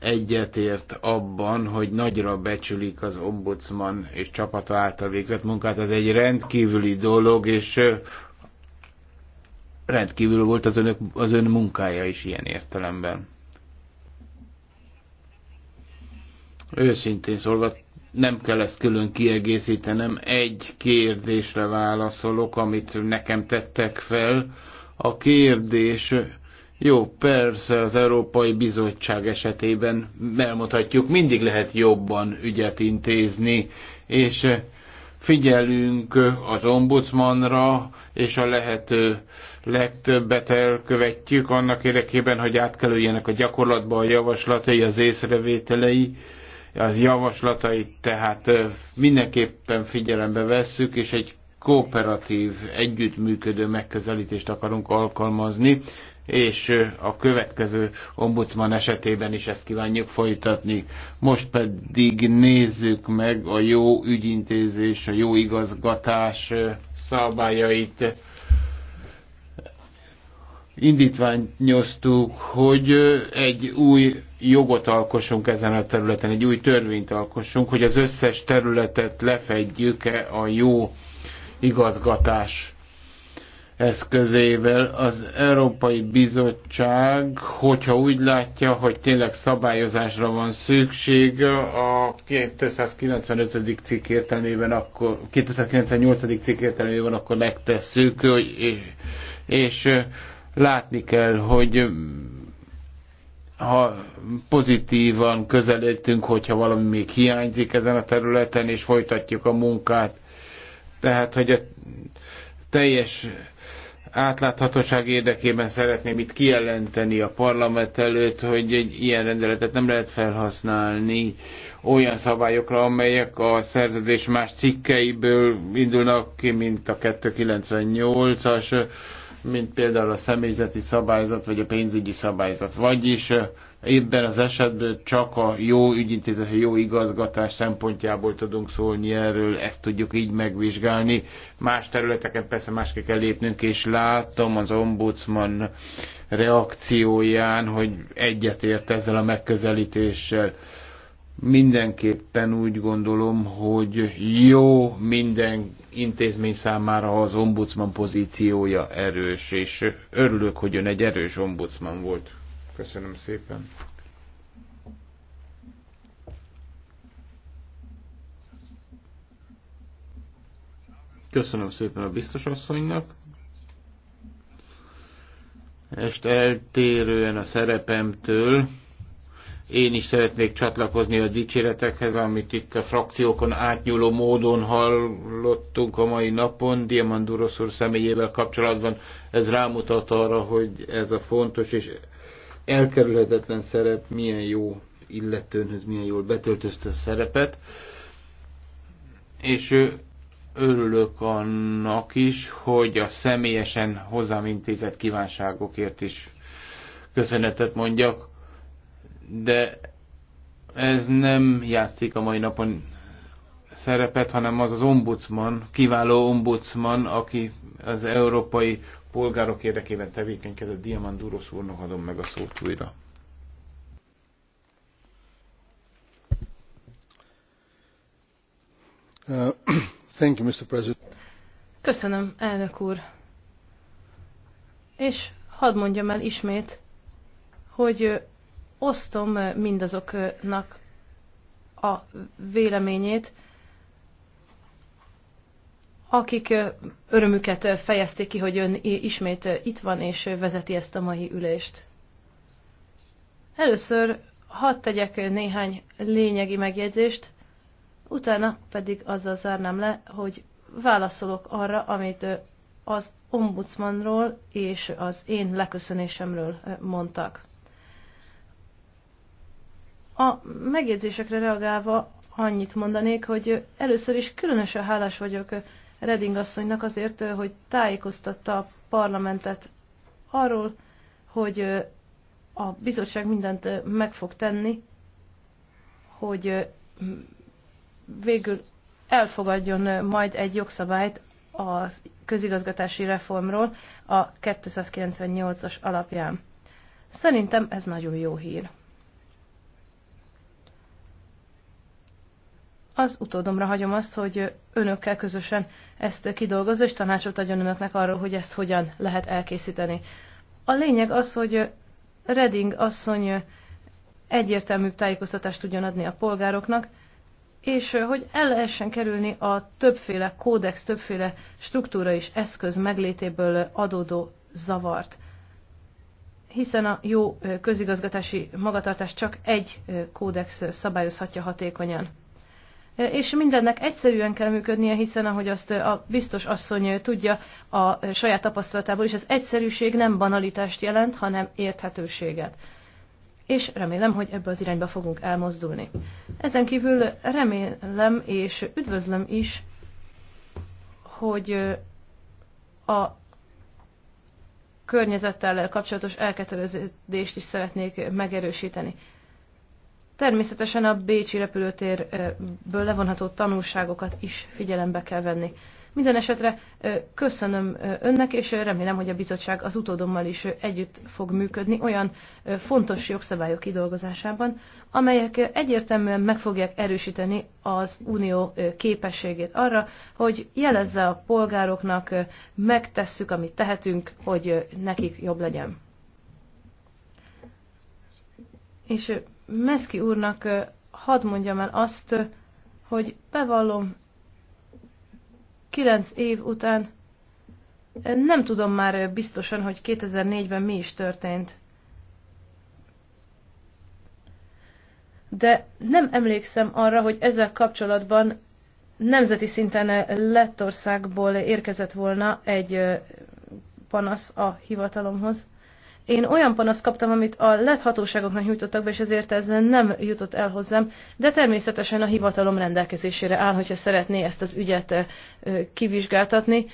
egyetért abban, hogy nagyra becsülik az ombudsman és csapata által végzett munkát. az egy rendkívüli dolog, és rendkívül volt az, önök, az ön munkája is ilyen értelemben. Őszintén szólva, nem kell ezt külön kiegészítenem. Egy kérdésre válaszolok, amit nekem tettek fel. A kérdés, jó, persze az Európai Bizottság esetében elmondhatjuk, mindig lehet jobban ügyet intézni, és figyelünk az ombudsmanra, és a lehető legtöbbet elkövetjük annak érdekében, hogy átkelüljenek a gyakorlatba a javaslatai, az észrevételei, az javaslatait, tehát mindenképpen figyelembe vesszük, és egy kooperatív, együttműködő megközelítést akarunk alkalmazni, és a következő ombudsman esetében is ezt kívánjuk folytatni. Most pedig nézzük meg a jó ügyintézés, a jó igazgatás szabályait indítványt nyoztuk, hogy egy új jogot alkossunk ezen a területen, egy új törvényt alkossunk, hogy az összes területet lefedjük-e a jó igazgatás eszközével. Az Európai Bizottság, hogyha úgy látja, hogy tényleg szabályozásra van szükség, a 295. cikk értelmében, akkor 298. cikk értelmében akkor megtesszük, hogy, és, és Látni kell, hogy ha pozitívan közelítünk, hogyha valami még hiányzik ezen a területen, és folytatjuk a munkát. Tehát, hogy a teljes átláthatóság érdekében szeretném itt kijelenteni a parlament előtt, hogy egy ilyen rendeletet nem lehet felhasználni olyan szabályokra, amelyek a szerződés más cikkeiből indulnak ki, mint a 298-as mint például a személyzeti szabályzat, vagy a pénzügyi szabályzat. Vagyis eh, ebben az esetben csak a jó ügyintézet, a jó igazgatás szempontjából tudunk szólni erről, ezt tudjuk így megvizsgálni. Más területeken persze másképp kell lépnünk, és látom az ombudsman reakcióján, hogy egyetért ezzel a megközelítéssel mindenképpen úgy gondolom, hogy jó minden intézmény számára, az ombudsman pozíciója erős, és örülök, hogy ön egy erős ombudsman volt. Köszönöm szépen. Köszönöm szépen a biztos asszonynak. Este eltérően a szerepemtől, én is szeretnék csatlakozni a dicséretekhez, amit itt a frakciókon átnyúló módon hallottunk a mai napon. Diamant úr személyével kapcsolatban ez rámutat arra, hogy ez a fontos és elkerülhetetlen szerep milyen jó illetőnhöz, milyen jól betöltözte a szerepet. És örülök annak is, hogy a személyesen hozzám intézett kívánságokért is köszönetet mondjak de ez nem játszik a mai napon szerepet, hanem az az ombudsman, kiváló ombudsman, aki az európai polgárok érdekében tevékenykedett duros úrnak adom meg a szót újra. Uh, [clears throat] thank you, Mr. President. Köszönöm, elnök úr. És hadd mondjam el ismét, hogy osztom mindazoknak a véleményét, akik örömüket fejezték ki, hogy ön ismét itt van és vezeti ezt a mai ülést. Először hadd tegyek néhány lényegi megjegyzést, utána pedig azzal zárnám le, hogy válaszolok arra, amit az ombudsmanról és az én leköszönésemről mondtak. A megjegyzésekre reagálva annyit mondanék, hogy először is különösen hálás vagyok Reding asszonynak azért, hogy tájékoztatta a parlamentet arról, hogy a bizottság mindent meg fog tenni, hogy végül elfogadjon majd egy jogszabályt a közigazgatási reformról a 298-as alapján. Szerintem ez nagyon jó hír. az utódomra hagyom azt, hogy önökkel közösen ezt kidolgozza, és tanácsot adjon önöknek arról, hogy ezt hogyan lehet elkészíteni. A lényeg az, hogy Reding asszony egyértelmű tájékoztatást tudjon adni a polgároknak, és hogy el lehessen kerülni a többféle kódex, többféle struktúra és eszköz meglétéből adódó zavart. Hiszen a jó közigazgatási magatartás csak egy kódex szabályozhatja hatékonyan és mindennek egyszerűen kell működnie, hiszen ahogy azt a biztos asszony tudja a saját tapasztalatából is, az egyszerűség nem banalitást jelent, hanem érthetőséget. És remélem, hogy ebbe az irányba fogunk elmozdulni. Ezen kívül remélem és üdvözlöm is, hogy a környezettel kapcsolatos elkötelezést is szeretnék megerősíteni. Természetesen a Bécsi repülőtérből levonható tanulságokat is figyelembe kell venni. Minden esetre köszönöm önnek, és remélem, hogy a bizottság az utódommal is együtt fog működni olyan fontos jogszabályok kidolgozásában, amelyek egyértelműen meg fogják erősíteni az unió képességét arra, hogy jelezze a polgároknak, megtesszük, amit tehetünk, hogy nekik jobb legyen. És Meszki úrnak hadd mondjam el azt, hogy bevallom, kilenc év után nem tudom már biztosan, hogy 2004-ben mi is történt. De nem emlékszem arra, hogy ezzel kapcsolatban nemzeti szinten Lettországból érkezett volna egy panasz a hivatalomhoz. Én olyan panaszt kaptam, amit a lett hatóságoknak nyújtottak be, és ezért ez nem jutott el hozzám, de természetesen a hivatalom rendelkezésére áll, hogyha szeretné ezt az ügyet kivizsgáltatni.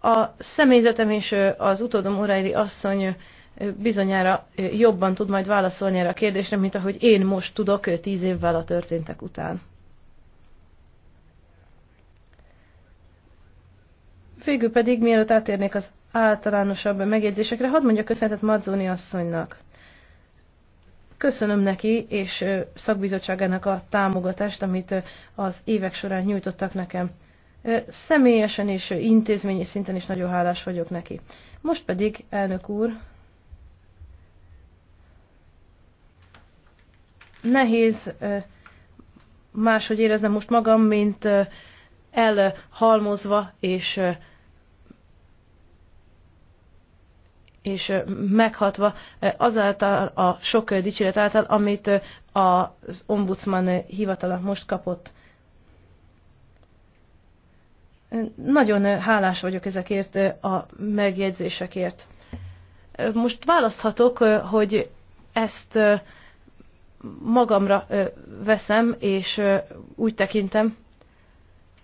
A személyzetem és az utódom O'Reilly asszony bizonyára jobban tud majd válaszolni erre a kérdésre, mint ahogy én most tudok tíz évvel a történtek után. Végül pedig, mielőtt átérnék az általánosabb megjegyzésekre, hadd mondja köszönetet Madzoni asszonynak. Köszönöm neki és szakbizottságának a támogatást, amit az évek során nyújtottak nekem. Személyesen és intézményi szinten is nagyon hálás vagyok neki. Most pedig, elnök úr, nehéz máshogy éreznem most magam, mint elhalmozva és és meghatva azáltal a sok dicséret által, amit az ombudsman hivatala most kapott. Nagyon hálás vagyok ezekért a megjegyzésekért. Most választhatok, hogy ezt magamra veszem, és úgy tekintem,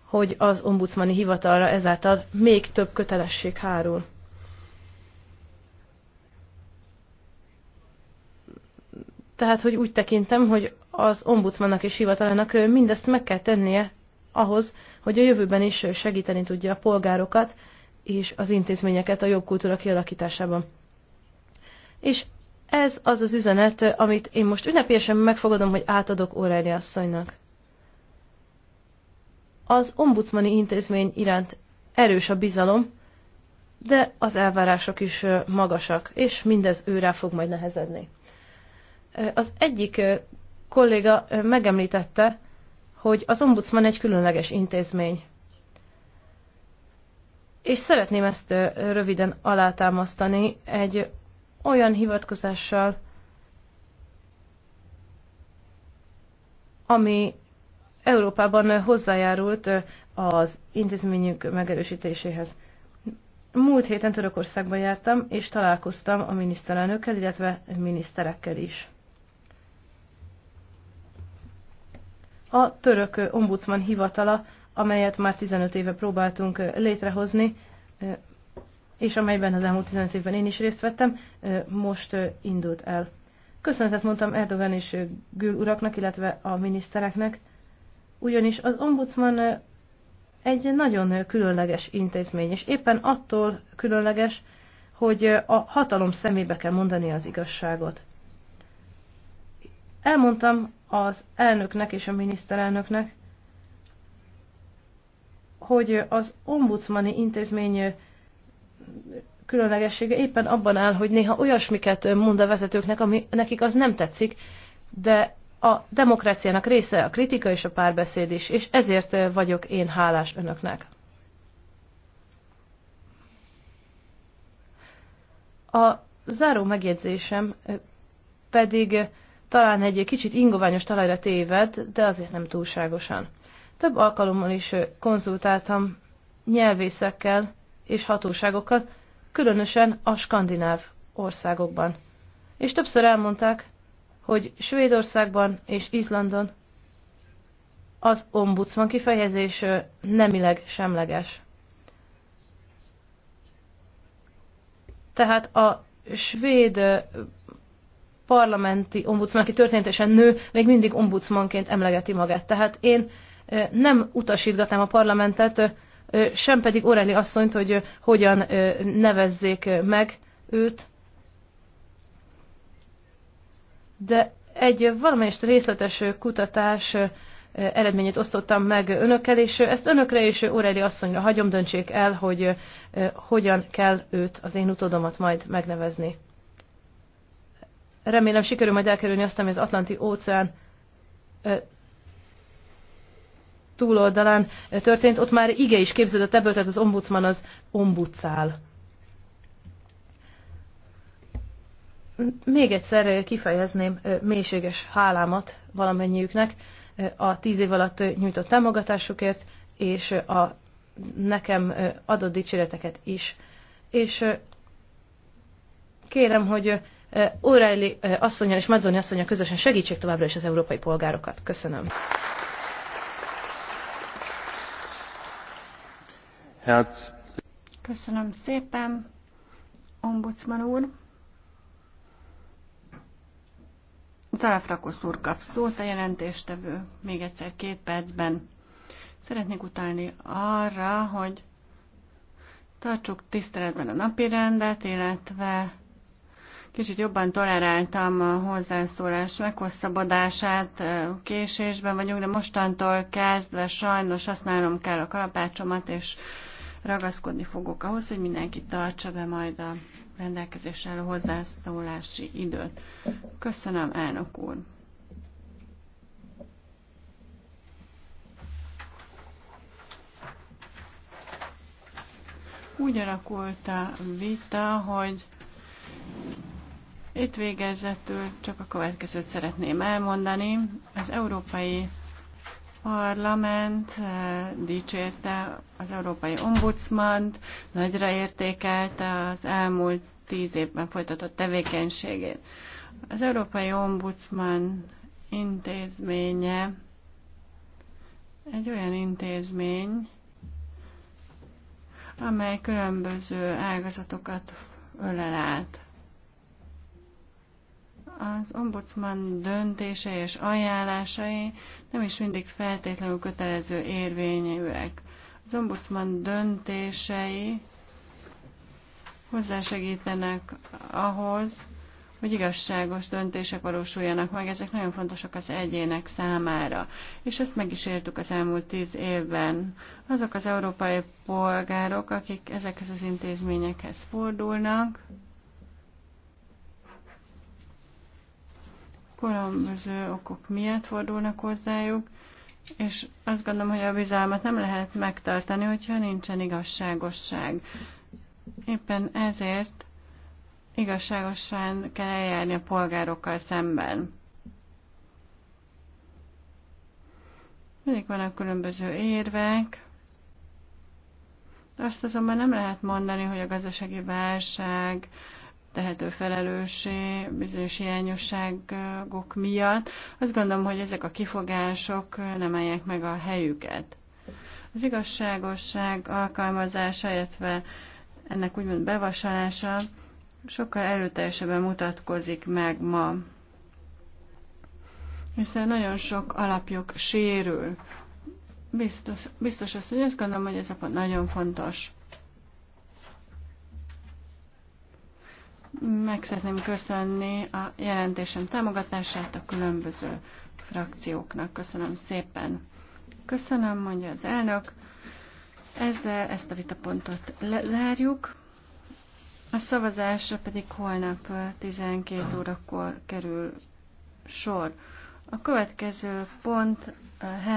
hogy az ombudsmani hivatalra ezáltal még több kötelesség hárul. Tehát, hogy úgy tekintem, hogy az ombudsmannak és hivatalának mindezt meg kell tennie ahhoz, hogy a jövőben is segíteni tudja a polgárokat és az intézményeket a jobb kultúra kialakításában. És ez az az üzenet, amit én most ünnepélyesen megfogadom, hogy átadok Aurelia asszonynak. Az ombudsmani intézmény iránt erős a bizalom, de az elvárások is magasak, és mindez őre fog majd nehezedni. Az egyik kolléga megemlítette, hogy az ombudsman egy különleges intézmény. És szeretném ezt röviden alátámasztani egy olyan hivatkozással, ami Európában hozzájárult az intézményünk megerősítéséhez. Múlt héten Törökországban jártam, és találkoztam a miniszterelnökkel, illetve miniszterekkel is. A török ombudsman hivatala, amelyet már 15 éve próbáltunk létrehozni, és amelyben az elmúlt 15 évben én is részt vettem, most indult el. Köszönetet mondtam Erdogan és Gül uraknak, illetve a minisztereknek, ugyanis az ombudsman egy nagyon különleges intézmény, és éppen attól különleges, hogy a hatalom szemébe kell mondani az igazságot. Elmondtam az elnöknek és a miniszterelnöknek, hogy az ombudsmani intézmény különlegessége éppen abban áll, hogy néha olyasmiket mond a vezetőknek, ami nekik az nem tetszik, de a demokráciának része a kritika és a párbeszéd is, és ezért vagyok én hálás önöknek. A záró megjegyzésem pedig talán egy kicsit ingoványos talajra téved, de azért nem túlságosan. Több alkalommal is konzultáltam nyelvészekkel és hatóságokkal, különösen a skandináv országokban. És többször elmondták, hogy Svédországban és Izlandon az ombudsman kifejezés nemileg semleges. Tehát a svéd parlamenti ombudsman, aki történetesen nő, még mindig ombudsmanként emlegeti magát. Tehát én nem utasítgatnám a parlamentet, sem pedig Oreli asszonyt, hogy hogyan nevezzék meg őt. De egy valamelyest részletes kutatás eredményét osztottam meg önökkel, és ezt önökre és Oreli asszonyra hagyom, döntsék el, hogy hogyan kell őt, az én utódomat majd megnevezni. Remélem sikerül majd elkerülni azt, ami az Atlanti óceán túloldalán történt. Ott már ige is képződött ebből, tehát az ombudsman az ombudszál. Még egyszer kifejezném mélységes hálámat valamennyiüknek a tíz év alatt nyújtott támogatásukért, és a nekem adott dicséreteket is. És kérem, hogy Óráli asszonyjal és Madzoni asszonyjal közösen segítsék továbbra is az európai polgárokat. Köszönöm. Hát- Köszönöm szépen, ombudsman úr. Zalafrakosz úr kap szót, a jelentéstevő még egyszer két percben. Szeretnék utalni arra, hogy tartsuk tiszteletben a napi rendet, illetve Kicsit jobban toleráltam a hozzászólás meghosszabbodását, késésben vagyunk, de mostantól kezdve sajnos használnom kell a kalapácsomat, és ragaszkodni fogok ahhoz, hogy mindenki tartsa be majd a rendelkezésre a hozzászólási időt. Köszönöm, elnök úr! Úgy alakult a vita, hogy itt végezetül csak a következőt szeretném elmondani. Az Európai Parlament eh, dicsérte az Európai Ombudsmant, nagyra értékelte az elmúlt tíz évben folytatott tevékenységét. Az Európai Ombudsman intézménye egy olyan intézmény, amely különböző ágazatokat ölel át. Az ombudsman döntése és ajánlásai nem is mindig feltétlenül kötelező érvényűek. Az ombudsman döntései hozzásegítenek ahhoz, hogy igazságos döntések valósuljanak meg, ezek nagyon fontosak az egyének számára. És ezt meg is értük az elmúlt tíz évben. Azok az európai polgárok, akik ezekhez az intézményekhez fordulnak, különböző okok miatt fordulnak hozzájuk, és azt gondolom, hogy a bizalmat nem lehet megtartani, hogyha nincsen igazságosság. Éppen ezért igazságosan kell eljárni a polgárokkal szemben. Mindig vannak különböző érvek. Azt azonban nem lehet mondani, hogy a gazdasági válság, tehető felelőssé bizonyos hiányosságok miatt. Azt gondolom, hogy ezek a kifogások nem állják meg a helyüket. Az igazságosság alkalmazása, illetve ennek úgymond bevasalása sokkal erőteljesebben mutatkozik meg ma. Hiszen nagyon sok alapjuk sérül. Biztos, biztos azt, hogy azt gondolom, hogy ez a pont nagyon fontos. Meg szeretném köszönni a jelentésem támogatását a különböző frakcióknak. Köszönöm szépen. Köszönöm, mondja az elnök. Ezzel ezt a vitapontot lezárjuk. A szavazásra pedig holnap 12 órakor kerül sor. A következő pont